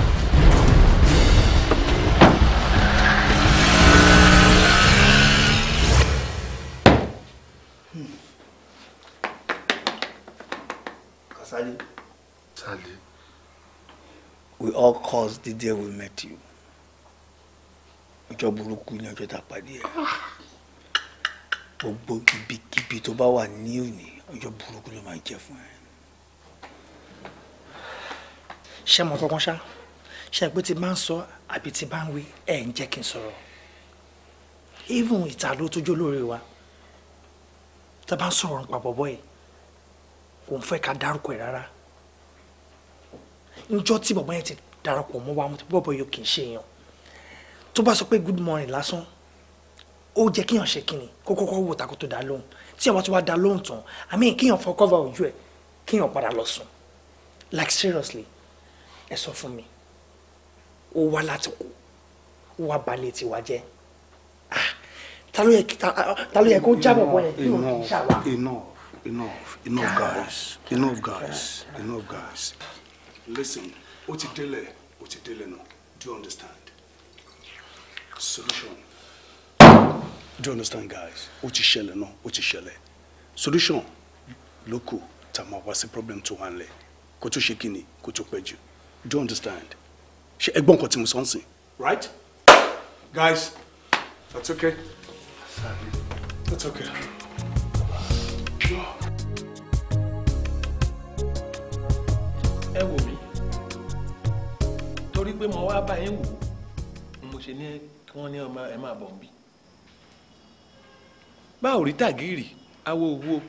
We all caused the day we met you. Ọjọ́ burúkú ni ọjọ́ tá a pàdé ẹ̀. Gbogbo ibikíbi tó bá wà ní òní, ọjọ́ burúkú ló máa jẹ́ fún ẹ. ṣé mo kankan ṣá ṣe pé ti máa ń sọ àbí ti máa ń wí ẹ̀ ń jẹ́ kí n sọ̀rọ̀ even ìta ló tójú olóore wa tá a bá ń sọ̀rọ̀ nípa bọ̀bọ̀ yìí kò ń fẹ́ ká dárúkọ ẹ̀ rárá njọ́ tí bọ̀bọ̀ yẹn ti darapọ̀ mọ́ wa bọ̀bọ̀ yìí kì í ṣe èèyàn tó bá sọ pé good morning lásán ó jẹ́ kíyàn ṣe kíni kó kọ́kọ́ wò tako tó dá lóhùn tí àwọn tó wá dá lóhùn tán àmì kíyàn fọ́ cover ojú ẹ̀ kíyàn padà lọ sùn like seriously ẹ sọ fún mi ó wá láti kú ó wá balẹ̀ tiwa jẹ́ ah, ta ló yẹ kó jábọ̀ bọ̀ yẹn kí o kì enough enough enough guys enough guys enough guys listen ó ti délẹ̀ ó ti délẹ̀ náà do you understand solution do you understand guys ó ti ṣẹlẹ̀ náà ó ti ṣẹlẹ̀ solution ló kù tá a problem to wà ń lẹ̀ kó tó ṣe kí ni kó tó pẹ́ jù do you understand She ẹ gbọ́ nǹkan mo sọ right guys that's okay that's okay. ẹ wò mí torí pé mo wá bá yín wò ó mo ṣe ní kí wọ́n ní ọmọ ẹ máa bọ̀ bí. bá ò rí tàgírì awo owó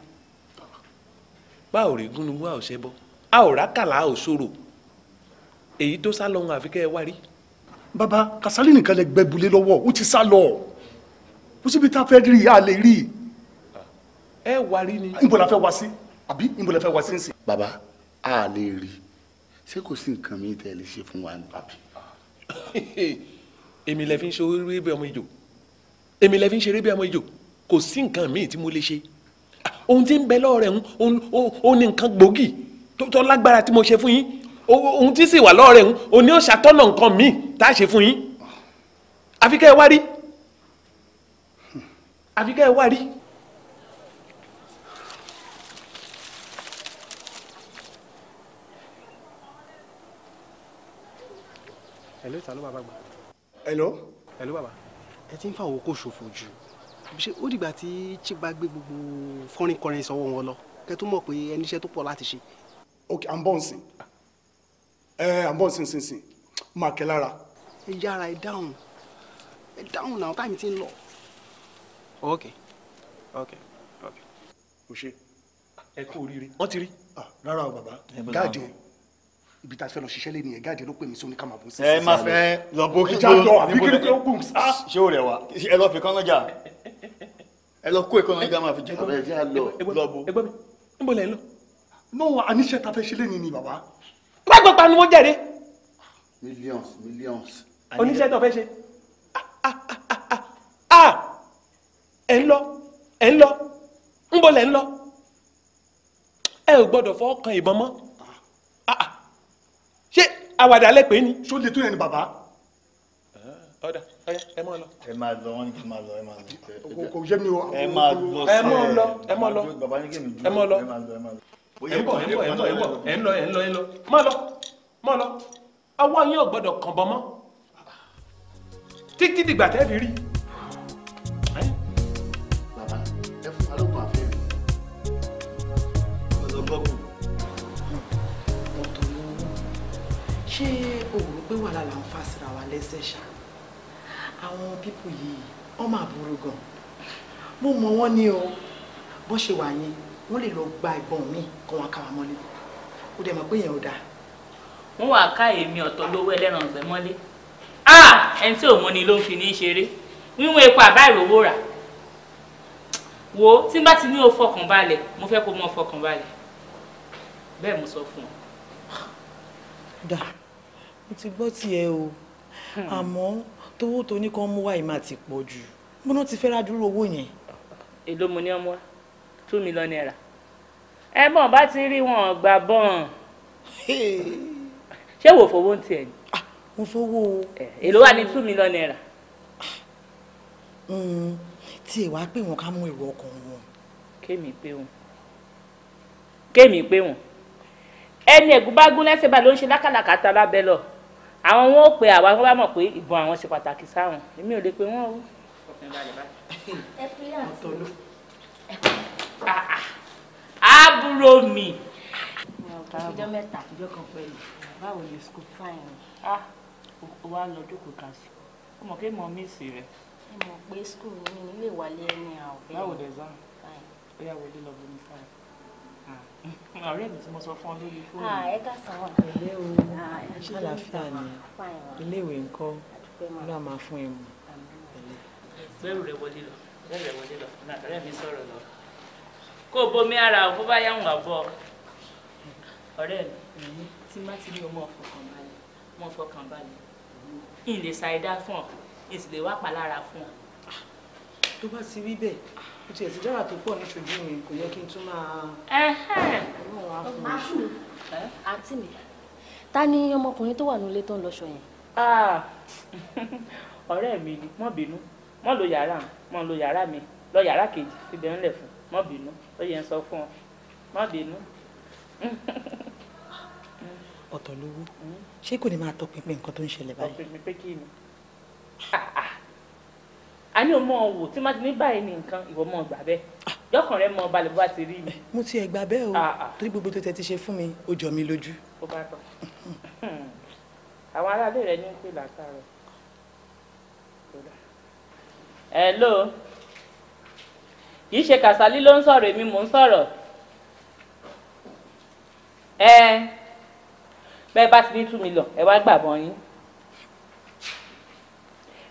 bá ò rí gúnugún àòṣẹbọ a ò rákàlà àòṣòro èyí tó sá lọ́hùn àfi kẹ́ ẹ wá rí. bàbá Kasali nìkan lè gbẹbulé lọ́wọ́ ó ti sá lọ ó síbi tá a fẹ́ rí a lè rí. ẹ wá rí ni. níbo la fẹ́ wá sí àbí níbo la fẹ́ wá sí ń sìn. bàbá a lè rí ṣé kò sí nǹkan mi tẹ́ ẹ lè ṣe fún wa ní bàbí. èmi lẹ fi ń ṣe orí bí ọmọ ìjò èmi lẹ fi ń ṣeré bí ọmọ ìjò kò sí nǹkan míì tí mo lè ṣe ohun tí ń bẹ lọ́rẹ̀ ń ohun ní nǹkan gbòógì tó lágbára tí mo ṣe fún yín ohun tí sì wà lọ́ọ̀rẹ́ ń òní ó ṣàtọ́nà nǹkan míì tá a ṣe fún yín àfi kẹ́ ẹ wá rí àfi ẹ wá rí. hello ta ló bàbá gbà. hello. hello bàbá. ẹ ti ń fa owó kó ṣòfò jù ṣe ó dìgbà tí chigba gbé gbogbo fọ́nrin kọrin sọ́wọ́ wọn lọ kẹ́ tó mọ̀ pé ẹniṣẹ́ tó pọ̀ láti ṣe. ok à ń ẹ à ń bọ̀ nsinsinsin máa kẹ́ lára. ẹ yára ẹ dáhùn ẹ dáhùn làwọn táyì ti ń lọ. ok ok ok. o ṣe. ẹ kú oríire wọn ti rí. rárá o bàbá gáàdì ibi tá a fẹ́ lọ ṣiṣẹ́ lé nìyẹn gáàdì ló pè mí sóní ká máa bó sí. ẹ máa fẹ́ lọ bó kí jáde ọ kí ló gùn ṣé ah! o rẹ wa ẹ lọ fi kán lọjà ẹ lọ kó ìkànnì ká máa fi jẹ. ẹ gbọ́ mi ẹ gbọ́ mi níbo lẹ lọ. náà àníṣe ta fẹ́ ṣe lé ni bàbá má gbọ́ pariwo jẹ̀rẹ̀. millions millions. oníṣẹ́ tó fẹ́ ṣe ah, ah, ah, ẹ̀ ń lọ ẹ̀ ń lọ ń bọ̀lẹ̀ ń lọ ẹ ò gbọ́dọ̀ fọ́ kan ìbọn mọ́ ṣé àwàdà lẹ́pẹ́ ni. ṣó lè tó yẹn ni bàbá. Eh, ọ̀dà ọ̀yà ẹ máa lọ. ẹ máa lọ wọn ni kí n máa lọ ẹ máa lọ. kò yé mi o. ẹ máa lọ ẹ máa lọ ẹ máa lọ ẹ máa lọ ẹ̀ ń bọ̀ ẹ̀ ń bọ̀ ẹ̀ ń bọ̀ ẹ̀ ń bọ̀ ẹ̀ ń lọ ẹ̀ ń lọ ẹ̀ ń lọ má lọ má lọ awọ yín ò gbọ́dọ̀ kàn bọ́ mọ́ títí dìgbà tẹ́ fi rí. bàbá ẹ fún wa lóògùn àfẹ́ rẹ̀ ọ̀sán bọ́ọ̀gùn. ọ̀tọ̀ ni ṣé o rò pé wàhálà là ń fa síra wa lẹ́sẹ̀ ṣá àwọn pípù yìí wọ́n máa gan mo mọ̀ wọ́n ní o bó ṣe wà yẹn wọ́n lè lọ gba ìbọn mi kọ́ wọn káwa mọ́lé ó dẹ̀ mọ̀ pé yẹn ò dáa. wọ́n wàá ká èmi ọ̀tọ̀ lówó ẹlẹ́ran ọ̀gbẹ́ mọ́lé ẹni tí òun ni ló ń fi ní í ṣeré wíwọ́n epo àbá ìrówó rà wo tí bá ti ní o fọkàn balẹ̀ mo fẹ́ kó mọ fọkàn balẹ̀ bẹ́ẹ̀ mo sọ fún ọ. dà mo ti gbọ́ tiẹ̀ o hmm. àmọ́ tówó tó ní kan mú wá ìmọ̀ àti pọ̀ jù mo ti fẹ́ ra owó yẹn. èló mo ní ọmọ wa two million naira ẹ̀bọ̀n bá ti rí wọn gbà bọ́n ṣé wò fowó ń tiẹ̀ ni. Ah, mo fowó o. èló wà ní two million naira. Hmm, tí èèwà pé wọn ká mú èrò ọkàn wọn. kémi pé wọn kémi pé wọn ẹni ẹ̀gún bá gún lẹ́sẹ̀ báyìí ló ń ṣe lákàlàkà ta lábẹ́ lọ àwọn wọn ò pe àwa wọn bá mọ̀ pé ìbọn àwọn ṣe pàtàkì sáwọn èmi ò lè pe wọn o. ẹ pé àti Ah, ah. àbúrò mi. ìjọ mẹ́ta ìjọ kan pẹ̀lú báwo ni school fine ó ah, wá lọ jókòó kà sí ó mọ̀ pé mo mísì rẹ̀. ẹ mọ̀ pé school mi nílé wálé ẹni àwọn bẹ́ẹ̀. báwo dẹ̀ zan ó yà wọlé lọ bomi fine [LAUGHS] ọ̀rẹ́ mi tí mo sọ fún ọ lórí fóònù. ẹ ká sàwọn àgbẹ̀ o. ṣàlàáfíà ni iléèwé ńkọ́ ló à máa fún ẹ mọ̀. bẹ́ẹ̀rù rẹ̀ wọlé lọ bẹ́ẹ̀rù rẹ̀ wọlé lọ ọ̀nà àtàrẹ́ mi sọ̀rọ̀ lọ kó o bomi ara ò bó yà wọn bọ ọ̀rẹ́ mi tí má ti ní ọmọ ọfọkànbalẹ̀ ọmọ ọfọkànbalẹ̀ n mm-hmm. lè ṣàìdá fún ọ n sì lè wá palára fún ọ. tó bá ti rí bẹ́ẹ̀ o tiẹ̀ ti dára tó pọ̀ ní ṣojú mi kò yẹ kí n tún máa. àǹtí mi ta ni ọmọkùnrin tó wà nílé tó ń lọṣọ yẹn. [LAUGHS] ọ̀rẹ́ mi ni mọ́ bínú mọ́ lo yàrá mọ́ lo yàrá mi lọ yàrá kejì fi bẹ́ẹ̀ ńlẹ̀ fún mọ́ bínú ó yẹ ń sọ fún ọ má bínú. ọ̀tọ̀ lówó hmm? ṣé kò ní máa tọpinpin nǹkan tó ń ṣẹlẹ̀ báyìí. tọpinpin pé kí ni a ní ọmọ wò tí má ti ní báyìí ní nǹkan ìwọ mọ gbà bẹ́ẹ̀ yọkàn rẹ mọ balẹ̀ bó bá ti rí mi. mo ti ẹ̀ gbà bẹ́ẹ̀ o ah, ah. torí gbogbo tó tẹ ti ṣe fún mi ó jọ mi lójú. ó bá tọ àwọn aráalé rẹ ní ń pè látàrọ. hello kì í ṣe Kàsálí ló ń sọ̀rọ̀ èmi mò ń sọ̀rọ̀ ẹ bẹ́ẹ̀ bá ti ní two million ẹ wá gbàgbọ́n yín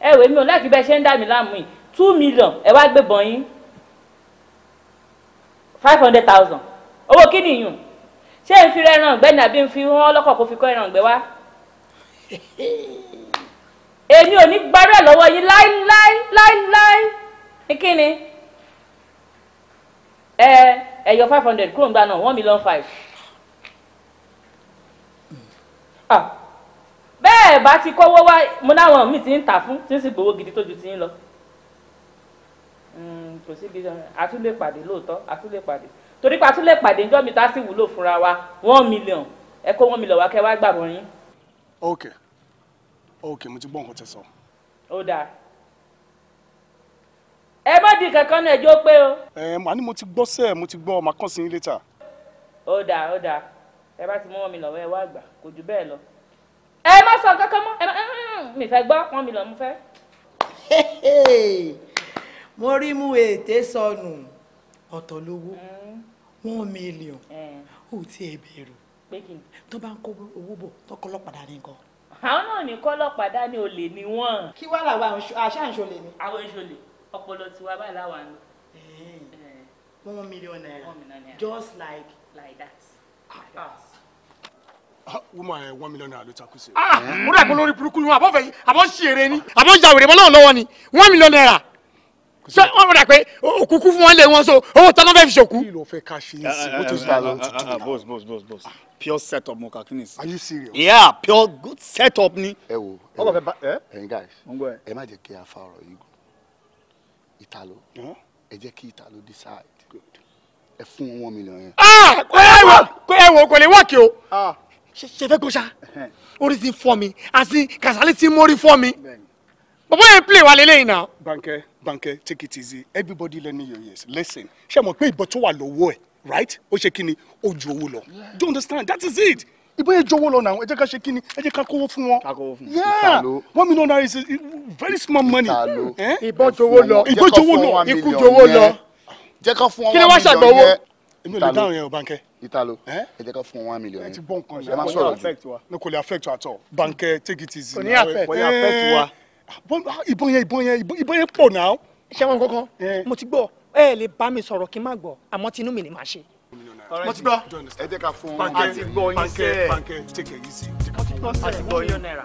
ẹ wèé mi ò láti bẹ́ẹ̀ ṣe ń dà mí láàmú yìí two million ẹ wá gbébọn yín five hundred thousand owó kí nìyún ṣé n fi ẹran ọ̀gbẹ́ ni àbí n fi wọ́n lọ́kọ̀ kó fi kọ́ ẹran ọ̀gbẹ́ wá [LAUGHS] èmi ò ní gbárẹ́ lọ́wọ́ yín láíláí láíláí ní kíni ẹ ẹ yọ five hundred kúrò ńgbà náà one million five. Ah. bẹ́ẹ̀ bá ti kọ́wọ́ wá mo láwọn míì ti ń tà fún tí ń sì gbowó gidi tó ju ti ń lọ. Hmm, kò síbi àtúlẹ̀ pàdé lóòótọ́ àtúlẹ̀ pàdé torí pé àtúlẹ̀ pàdé ńjọ́ mi tá sì wúlò fúnra wa one million ẹ kó one million wá kẹ́ wá gbàgbọ́ yín. ok ok mo ti gbọ́ nǹkan tẹ́ sọ. ó dáa ẹ bá di kankan náà ẹjọ́ pé o. ẹ mà ní mo ti gbọ́ sẹ́ẹ̀ mo ti gbọ́ ọmọ kan sí ní létà. ó dáa ó dáa ẹ bá ti mú wọn mi lọ́wọ́ ẹ wá àgbà kò jù bẹ́ẹ̀ lọ. ẹ má sọ kankan mọ́ ẹ má mi fẹ́ gbọ́ wọn mi lọ mo fẹ́. [LAUGHS] mo rí mú ètè sọnù ọ̀tọ̀ lówó mm. one million ó tiẹ̀ bẹ̀rù tó bá ń kó owó bọ̀ tọkọ ọlọ́pàá dání gan àwọn náà ní kọ́lọ́pàá dání olè ni wọ́n. kí wàá làwọn àṣà ń ṣolè ni. àwọn ń ṣolè ọpọlọ tiwa báyìí láwa ń lò. one million naira just like like that. Ah, like ah. that. Ah, woman ẹ eh, one million naira ló takú sí. Eh? mo rà pé lórí burúkú ni wọn àbọ̀ fẹ́ yìí àbọ̀ ń ṣe eré ni àbọ̀ ń ja wèrè mọ́ náà lọ́wọ́ ni one million naira ṣé wọn rà pé òkùnkùn fún wọn lé wọn so owó tán náà fẹ́ fi ṣòkú. kí ló fẹ́ ká ṣe é sí o tó sọ àwọn boss boss boss boss pure set up mo kà kí ni. are you serious. yeah pure good set up ni. ẹ wo ẹ wo eh? ẹyin guys ẹ má jẹ kí a fa ọ̀rọ̀ yìí Italo ẹ jẹ́ kí Italo decide ẹ fún wọn one million yẹn. Ah! Ah! kò ẹ wò ah! kò ẹ wò kò lè wọ́ọ̀kì o ṣe fẹ́ kó ṣá orí ti fọ́ mi àti Kasali ti mórí fọ́ mi bàbá yẹn play wa lélẹ́yìn náà. Banke Banke take it easy everybody learning your ears listen ṣé mo pé ìbọn tó wà lọ́wọ́ ẹ̀ right ó ṣe kí ni ojú owó lọ do you understand that is it ibo yẹn jọ̀wọ́ lọ náà ẹ jẹ́ ká ṣe kíni ẹ jẹ́ ká kówó fún wọn. yeah one million naira is very small money. ìbọn jọ̀wọ́ lọ eh? ìbọn jọ̀wọ́ lọ ikú jọ̀wọ́ lọ. jẹ́ ká fún wọn one million yẹn. kí ni wọ́n ṣàgbọ́wọ́. èmi ò lè dáhùn yẹn o Bankẹ. Italo eh? ẹ jẹ́ ká fún wọn one million yẹn. ẹ ti bọ́ nǹkan ṣe kò lè affect wa. no kò lè affect wa at all Bankẹ take it easy. kò ní eh, affect wa. Ah, ìbọn yẹn ìbọn yẹn ìbọn yẹn pọ̀ náà. ṣé wọn kankan mo ti gbọ́ ẹ lè bá mi sọ̀rọ̀ kí n má gbọ́ àmọ́ tinú mi ni màá ṣe mo ti gbọ́ ẹ jẹ́ ká fún un. pankẹ́ pankẹ́ take it mo ti gbọ́ sẹ́ẹ̀ mílíọ̀nù náírà.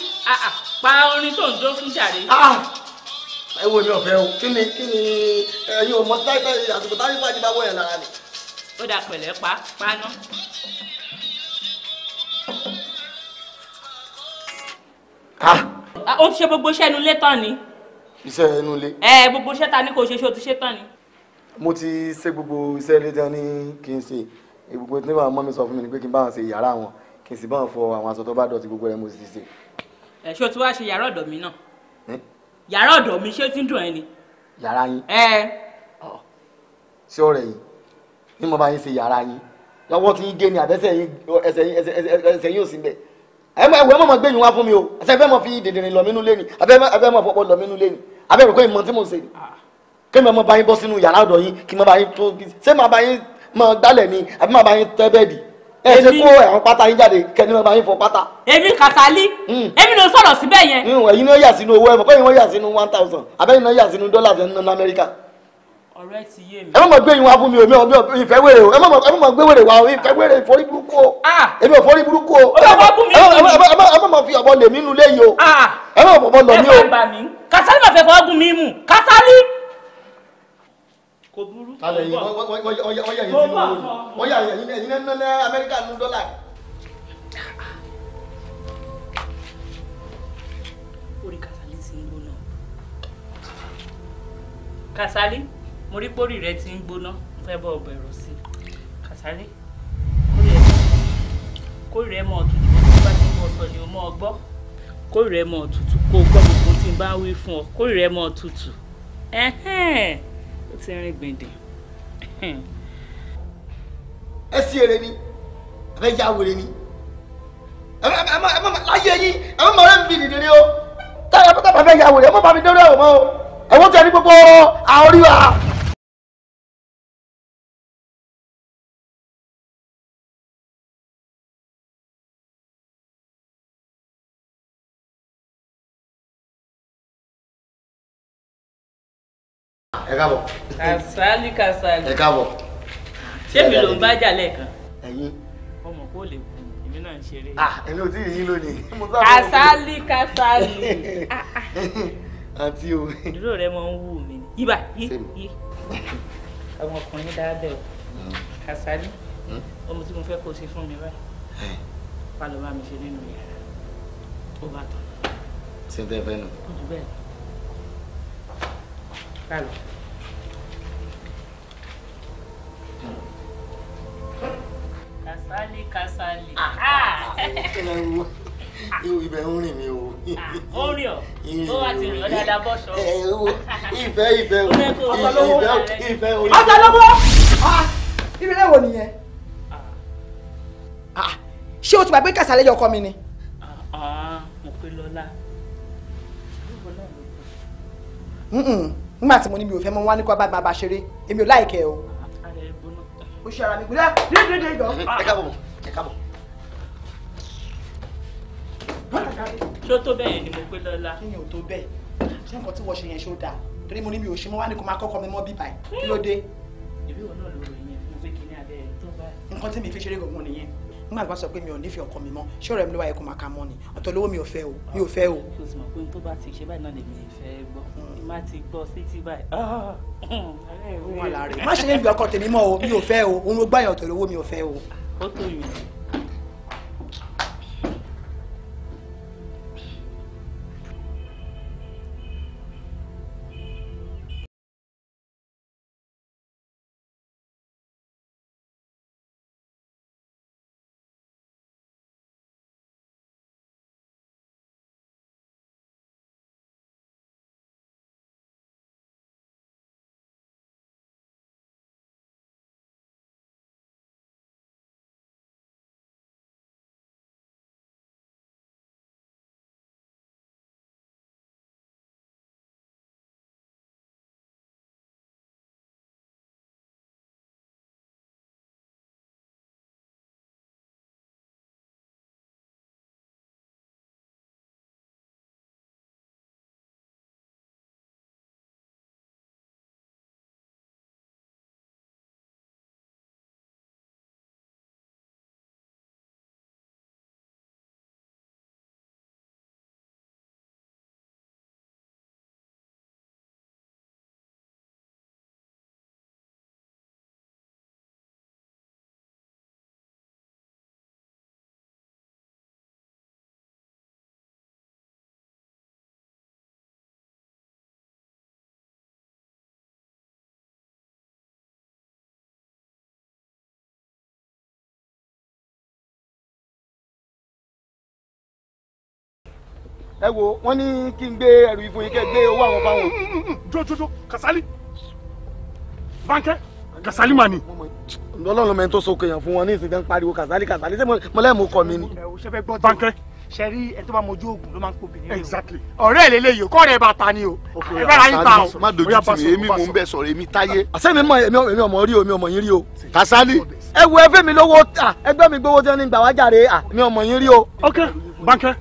Ah, ah, pa orin tó ń jó fún jàre. Ah, ẹ wo mi ọ̀fẹ́ o kí ni kí ni ẹ̀yin ọmọ táyì àsìkò táyì bá jìbá wọ̀nyẹn lára ni. ó dà pẹ̀lẹ́ pa paná. ó ń ṣe gbogbo iṣẹ́ inú ilé tán ni. iṣẹ́ inú ilé. ẹ gbogbo iṣẹ́ ta ni kò ṣe ṣe o ti ṣe tán ni. mo ti ṣe gbogbo iṣẹ́ ilé tán ní kí n ṣe gbogbo tí màmá mi sọ fún mi ni pé kí n bá wọn ṣe yàrá wọn kí n sì bá wọn fọ àwọn aṣọ tó bá dọ̀tí gbogbo rẹ̀ mo sì ṣe ẹ ṣé o ti wá ṣe yàrá ọ̀dọ̀ mi náà yàrá ọ̀dọ̀ mi ṣé o ti ń dùn ẹ ni. yàrá yín ṣé ọ̀rẹ́ yìí ni mo bá yín ṣe yàrá yín lọ́wọ́ tí yín gé ni àbẹ́sẹ̀ yín ẹsẹ̀ yín ò sí bẹ̀ ẹ mọ mọ gbẹyìn wá fún mi o àti ẹfẹ mọ fi dèdèrè lọ mí nú lé ni àbẹ mọ fọpọ lọ mí nú lé ni àbẹ rẹ kó ìmọ̀ tí mo ṣe ni kí mo bá yín bọ́ sínú yàrá ọ̀dọ̀ yín kí mo bá yín tó ṣé mo bá yín mọ gbálẹ̀ ni àbí mo bá yín tẹ́ bẹ́ẹ̀dì ẹ ṣe kó àwọn pátá yín jáde kẹni máa bá yín fọ pátá. èmi kàtàlí hmm. èmi ló sọ̀rọ̀ síbẹ̀ yẹn. Hmm, ẹ̀yin náà yà sínú owó ẹ̀mọ́ kẹ́yìn wọ́n yà sínú one thousand abẹ́yìn náà yà sínú dọ́là ẹ̀ nínú amẹ́ríkà. ọ̀rọ̀ ẹ ti yé mi. ẹ má mọ̀ gbé ìwà fún mi o mi ò ìfẹ́ wèrè o ẹ má mọ̀ gbé wèrè wa o ìfẹ́ wèrè ìforí burúkú o ah! èmi ò forí burúkú o ẹ má mọ̀ fi ọ̀bọ lèmi nulẹ̀ yìí o ah! ẹ má mọ̀ bọ̀ lọ mi o. ẹ kò burú. tálẹ̀ yìí wọ́n yà yín sínú owó ni wọ́n yà yín náà Kasali ti ń gbóná Kasali mo rí pórí rẹ ti ń gbóná mo fẹ́ bọ́ ọ̀bẹ̀rù Kasali kórìíra ẹ̀ mọ́ ọ̀tútù tó bá ti ń bọ̀ ni o mọ́ ọ gbọ́ kórìíra ẹ̀ mọ́ ọ̀tútù kó o gbọ́ gbogbo tí n bá wí fún ọ kórìíra ẹ̀ ó ti rìn gbìndín. ẹ sí èrè ni ẹ yá wèrè ni láyé yín ẹ má máa ń bì nìdílé o táyà pátápátá fẹ́ yá wèrè ẹ má bá mi dẹ́rẹ́ ọ̀mọ́ o ẹ̀wọ́n ti ẹni gbogbo àórí wa. káàbọ̀. àṣàlì kàṣàlì. ẹ káàbọ̀. ṣé mi ló ń bá jà lẹ́ẹ̀kan. ẹ̀yin. ọmọ kò lè kú èmi náà ń ṣeré. ah èmi ò tí ì yín lónìí. àṣàlì [LAUGHS] kàṣàlì. [LAUGHS] Ah, ah. àǹtí o. dúró rẹ máa ń wù mí ni yíba yí yí. ọmọkùnrin dáadẹ́ o hmm. kàṣàlì ọmọ hmm? tí mo fẹ́ kó o ṣe fún mi báyìí eh. wà ló bá mi ṣe nínú yàrá ó bá tán. ṣé fẹ́ nù. ó jù bẹ́ẹ̀ lọ. Claro. Sálí kasálí. Ah, ah. ah, ibẹ̀ ń rìn mí o. o? rìn ọ̀. Ó wá ti rìn ọ́ dáadáa bọ́ṣọ. Eh, ìfẹ́ ìfẹ́ o. Ìfẹ́ ìfẹ́ o. Ọ̀tọ̀ lọ́wọ́. Ibi lẹ́wọ̀ nìyẹn. Ṣé o ti gbàgbé kàsálẹ̀ yọkọ mi ni? Mo pe Lọ́lá. Nígbà tí mo ní mi ò fẹ́ mọ́ wá ní kó bá bàbá ṣeré, èmi ò láìkẹ́ o o ṣe ara mi gbìlẹ̀ dídídí ìjọ. ẹ káàbọ̀ ẹ káàbọ̀. ṣó tó bẹ́ẹ̀ ni mo pé lọ́la. kí ni ò tó bẹ́ẹ̀ ṣé nǹkan tí wọ́n ṣe yẹn ṣó dáa torí mo ní mi ò ṣe mọ́ wá ní kó máa kọ́kọ́ mi mọ́ bíbá ẹ̀ kí ló dé. ìbí òun náà ló ròyìn mo fẹ́ kí ní abẹ́ tó bá. nǹkan tí mi fi ṣeré gbọ̀ngàn nìyẹn nígbà tí wọ́n sọ pé mi ò nífẹ̀ẹ́ ọkọ mi mọ́ ṣọ́ọ̀rọ̀ mi ló wáyé kó máa ka mọ́ ni ọ̀tọ̀ lówó mi ò fẹ́ o mi ò fẹ́ o. kò sì mọ̀ pé tó bá ti ṣe báyìí náà lèmi ìfẹ́ gbọ́ mi hmm. má ti gbọ́ sí ti báyìí. Hmm. má ṣe ní ibi ọkọ tèmi mọ́ o mi ò fẹ́ o òun ló gbáyàn ọ̀tọ̀ lówó mi ò fẹ́ o. ó tó yìí ẹ wo wọ́n ní kí n gbé ẹrù ìfún yín kẹ́ gbé owó àwọn fáwọn. jójójó Kasali Bánkẹ́ Kasali mà ní. ọlọ́run mẹ́rin tó so kéèyàn fún wọn ní ìsìn ń pariwo Kasali Kasali ṣé mọ́lẹ́ mo kọ́ mi ni. Bánkẹ́ ṣe rí tó bá mojú oògùn ló máa ń kó obìnrin rẹ o ọ̀rẹ́ eléyìí o kọ́ ọ̀rẹ́ bàtà ni o ẹ bá yín ta o. má dojú tì mí èmi mò ń bẹ sọ̀rọ̀ èmi táyé. àṣẹ mọ èmi ọmọ rí o èmi ọmọ yín rí o. Kasali. ẹ wo ẹgbẹ́ mi lówó ẹgbẹ́ mi gbówó tí wọ́n ní gbà wá jàre ọmọ yín rí o. ok Bánkẹ́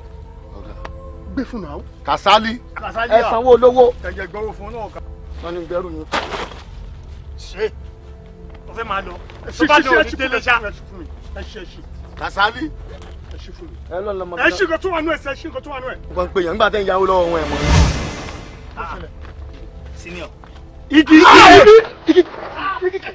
gbé fún náà. Kasali ẹ sanwó olówó. ẹ̀jẹ̀ gbọ́rọ̀ fún náà kan. wọ́n ní gbẹ́rù yín. ṣé o fẹ́ máa lọ. tó bá lọ òní délé ṣá. Kasali. ẹ lọ lọ mọ. ẹ ṣì kò tún wà nù ẹ ṣe ṣì kò tún wà nù ẹ. nǹkan pé yẹn nígbà tẹ́ ń yáwó lọ́wọ́ wọn ẹ̀ mọ́. senior. igi igi igi igi.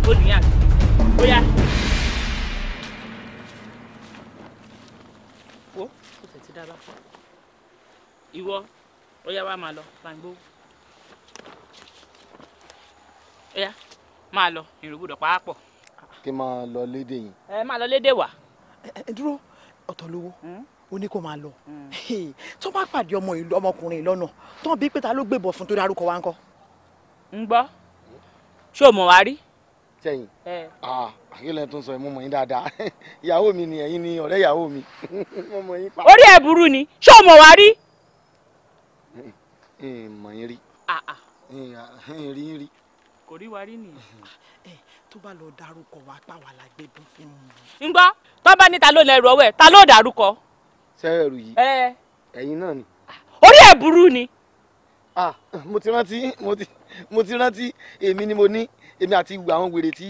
ó ní àgbẹ̀ ó wo kò fẹ́ ti dábàá ìwọ ó yá wá máa lọ gbàngbó ó yá máa lọ ìrògbòdò pàápọ̀. kí máa lọ lédè yìí. ẹ máa lọ lédè wá. ẹ dúró ọ̀tọ̀ lówó hmm? ó ní kó máa lọ hmm. tó bá pàdé ọmọ ìlú ọmọkùnrin lọ́nà tó ń bí pé ta ló gbébọn fún tó dárúkọ wa ń kọ́. ń gbọ́ ṣé o mọ̀ wá rí sẹ́yìn àkílẹ̀ tó ń sọ ìmọ̀mọ̀ yín dáadáa [LAUGHS] ìyàwó mi ni ẹ̀yin ni ọ̀rẹ́ ìyàwó mi. [LAUGHS] orí ẹ̀ burú ni ṣé o mọ̀ wá rí. mọ̀ yín rí rí rí. kò rí wa rí nìyẹn. [LAUGHS] tó bá lọ dárúkọ wa páwa la gbé bí fún mi. ń gbọ́ tó bá ní ta ló lẹ́rù ọwọ́ ẹ̀ ta ló dárúkọ. sẹ́ẹ̀rù yìí ẹ̀yin náà ni. orí ẹ̀ burú ni. mo ti rántí mo ti rántí èmi ni mo ní èmi àti àwọn wèrè tí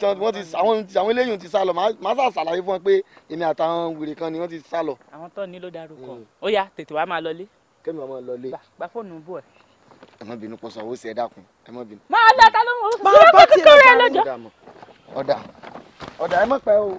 wọ́n ti àwọn eléyìí ti sá lọ màá sà ṣàlàyé fún wọn pé èmi àtàwọn wèrè kan ni wọ́n ti sá lọ. àwọn tó ní ló darúkọ hmm. ó yá tètè wàá máa lọlé. kẹ́mi wàá máa lọlé. gba fóònù bú ẹ. ẹ má bínú pọ̀ sọ owó sí ẹ dákun ẹ má bínú. máa lọ ta ló ń wọ sí ọkọ kíkọrẹ lọ́jọ́. ọ̀dà ọ̀dà ẹ má pẹ́ o.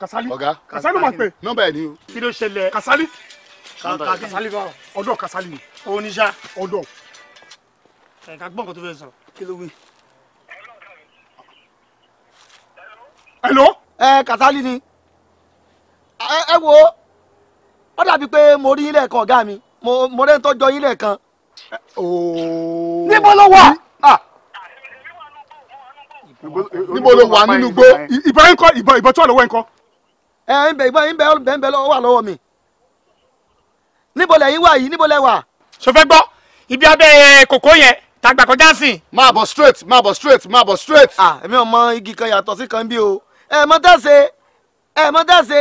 Kasali ọ̀gá Kasali ma pè. nọ́mbà ẹ̀ ni o. kí ló ṣẹlẹ̀ Kasali. Kasali bá ọ̀dọ̀ Kasali ni. oníṣà ọ̀dọ̀. ẹ ká gbọ́n kó tó fẹ́ sọ. kí ló wí. hello. ẹ Kasali ni ẹ wo ó dàbí pé mo rí yín lẹ́ẹ̀kan ọ̀gá mi mo rẹ́ ń tọ́jọ́ yín lẹ́ẹ̀kan. níbo ló wà. Ah. níbo ló wà nínú igbó ìbọn ìbọn tí wà lọ́wọ́ ẹ̀ ń kọ́ ẹ ń bẹ ìbọn ń bẹ ń bẹ ń bẹ lọ́wọ́ wà lọ́wọ́ mi níbo lẹ́yìn wà yìí níbo lẹ́ wà. sọfẹ́ gbọ́ ibi abẹ́ kòkó yẹn tàgbà kọjá sí. máa bọ̀ straight máa bọ̀ straight máa bọ̀ straight. à èmi ò mọ igi kan yàtọ̀ sí kan bí o ẹ mọ dáṣe ẹ mọ dáṣe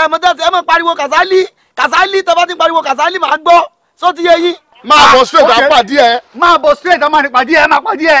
ẹ mọ dáṣe ẹ mọ pariwo Kàsálí Kàsálí tó ti pariwo Kàsálí màá gbọ́ só ti yé yín. máa bọ̀ straight àpàdé ẹ. máa bọ̀ straight àmọ́ ànípàdé ẹ máa pàdé ẹ.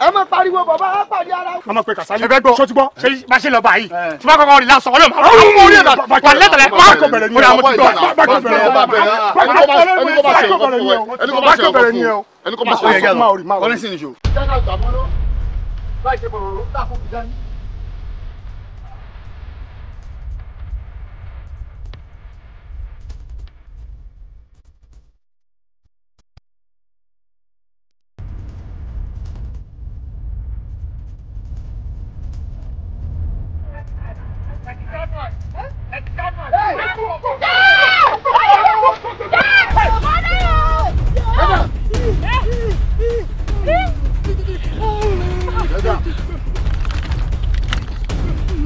ẹ má pariwo bàbá á pàdé ara. a máa pe kàsálí ẹ bẹ gbọ́ sọtí gbọ́ ṣe máa ṣe lọ báyìí tí wọn kọ́kọ́ rí lásán Ọlọ́run máa ń mú orí ẹ náà wà lẹtọlẹ máa kọ bẹ̀rẹ̀ ni o bákọ bẹ̀rẹ̀ bákọ bẹ̀rẹ̀ ni o ẹni kò máa ṣe é kọ fún mi. ẹni kò máa ṣe é kọ fún mi. ọlẹ́sìn ni so.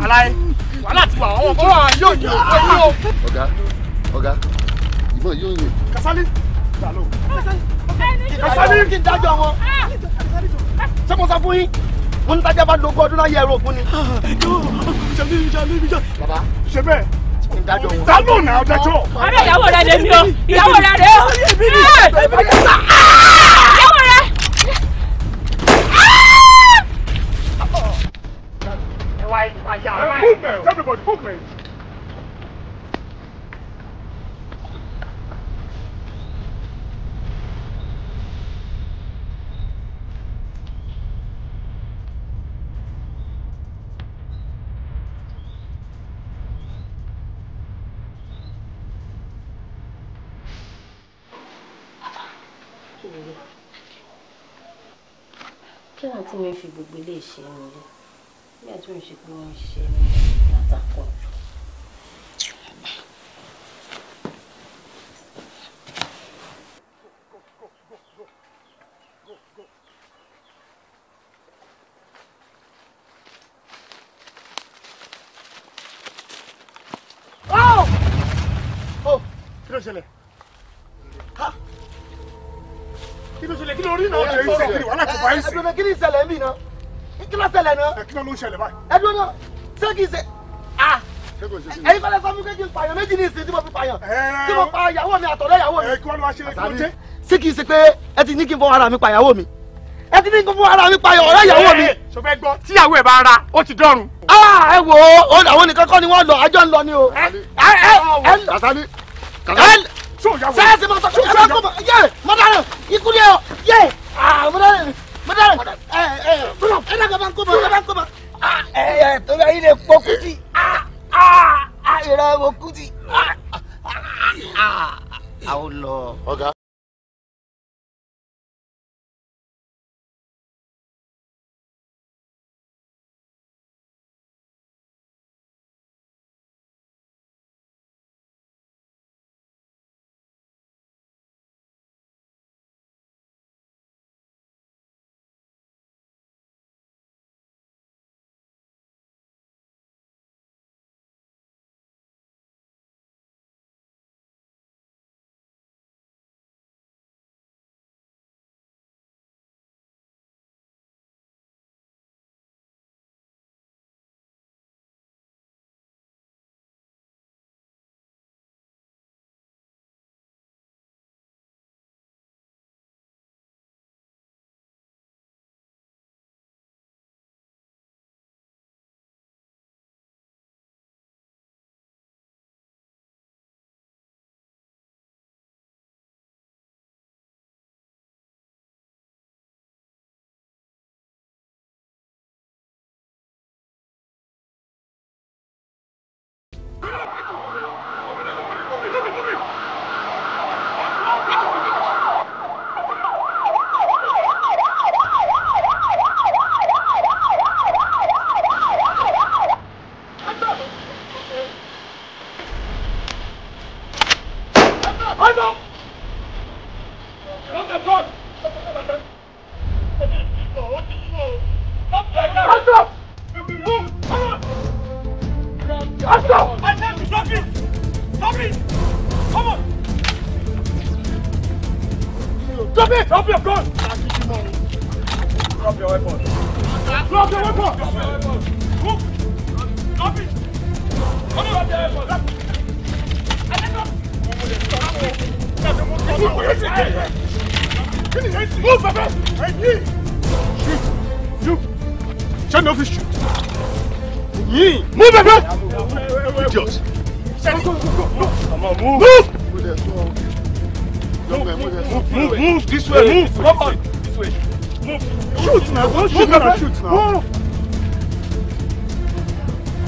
aláyé wàhálà ti wà àwọn ọkọ wa yóò yẹ ọkọ yìí o. ọ̀gá ọ̀gá ìbọn yóò yẹ. Kasali Kasali kí n dájọ́ wọn ah! ṣé mo sọ fún yín ó ní bá dogun ọdún láyé ẹ̀rọ ògún ni. Ah, bàbá ṣe bẹ́ẹ̀ ìdájọ́ wọn. sálọ náà dájọ́. ọ̀rẹ́ ìyàwó rẹ lè mi o ìyàwó rẹ rè o. ìyàwó rẹ. Everybody, book me! tí mi fi gbogbo ilé ṣe mi rí nígbà tí mo ṣe pé mo ṣe mi látàkọ. Oh! Oh! Kí ṣẹlẹ̀? wá ń sìn. ẹdùnmí kí ni ìṣẹ̀lẹ̀ mi náà kí ló ṣẹlẹ̀ náà. ẹ kí ló ló ń ṣẹlẹ̀ báyìí. ẹdùn náà ṣé kì í ṣe ah, ah! ẹyin fẹlẹ sọ fún kékin pààyàn méjì ní ìsìn tí mo fi pààyàn tí mo pa ìyàwó mi àtọ̀rẹ́ ìyàwó mi. ẹ kí wọ́n lọ wá ṣe é kí wọ́n jẹ́. ṣé kì í ṣe pé ẹ ti ní kí n fọwọ́ ara mi pa ìyàwó mi ẹ ti ní kí n fọwọ́ ara mi pa ọ̀rẹ́ ìyàwó mi. ṣùgbọ́n gbọ́ tíyàwó ẹ̀ bá ra ó ti dọ́run. Ah! ẹ wo àwọn nìkan kọ́ ni wọ́n lọ àjọ ń lọ ni o. Kasali Kasali sẹ́yìn sí ma sọ fún mi. ẹ bá kọ́ mọ̀ yé mọ̀dáràn ikú ni ẹ yé mọ̀dáràn madam ẹ ẹ madam ẹ dàgbà bá ń kó bọ ẹ dàgbà bá ń kó bọ. ẹ ẹ torí ayé lè pọ kùtì ìrọ̀ ẹ̀wọ̀ kùtì. àwọn lọ. ọ̀gá.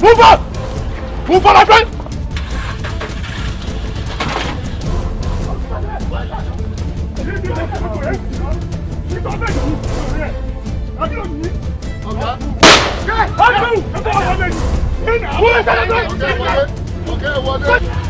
出发，出发拉砖。谁打战友？老叶，哪就你？老张，谁？老张，谁打战友？老叶，我来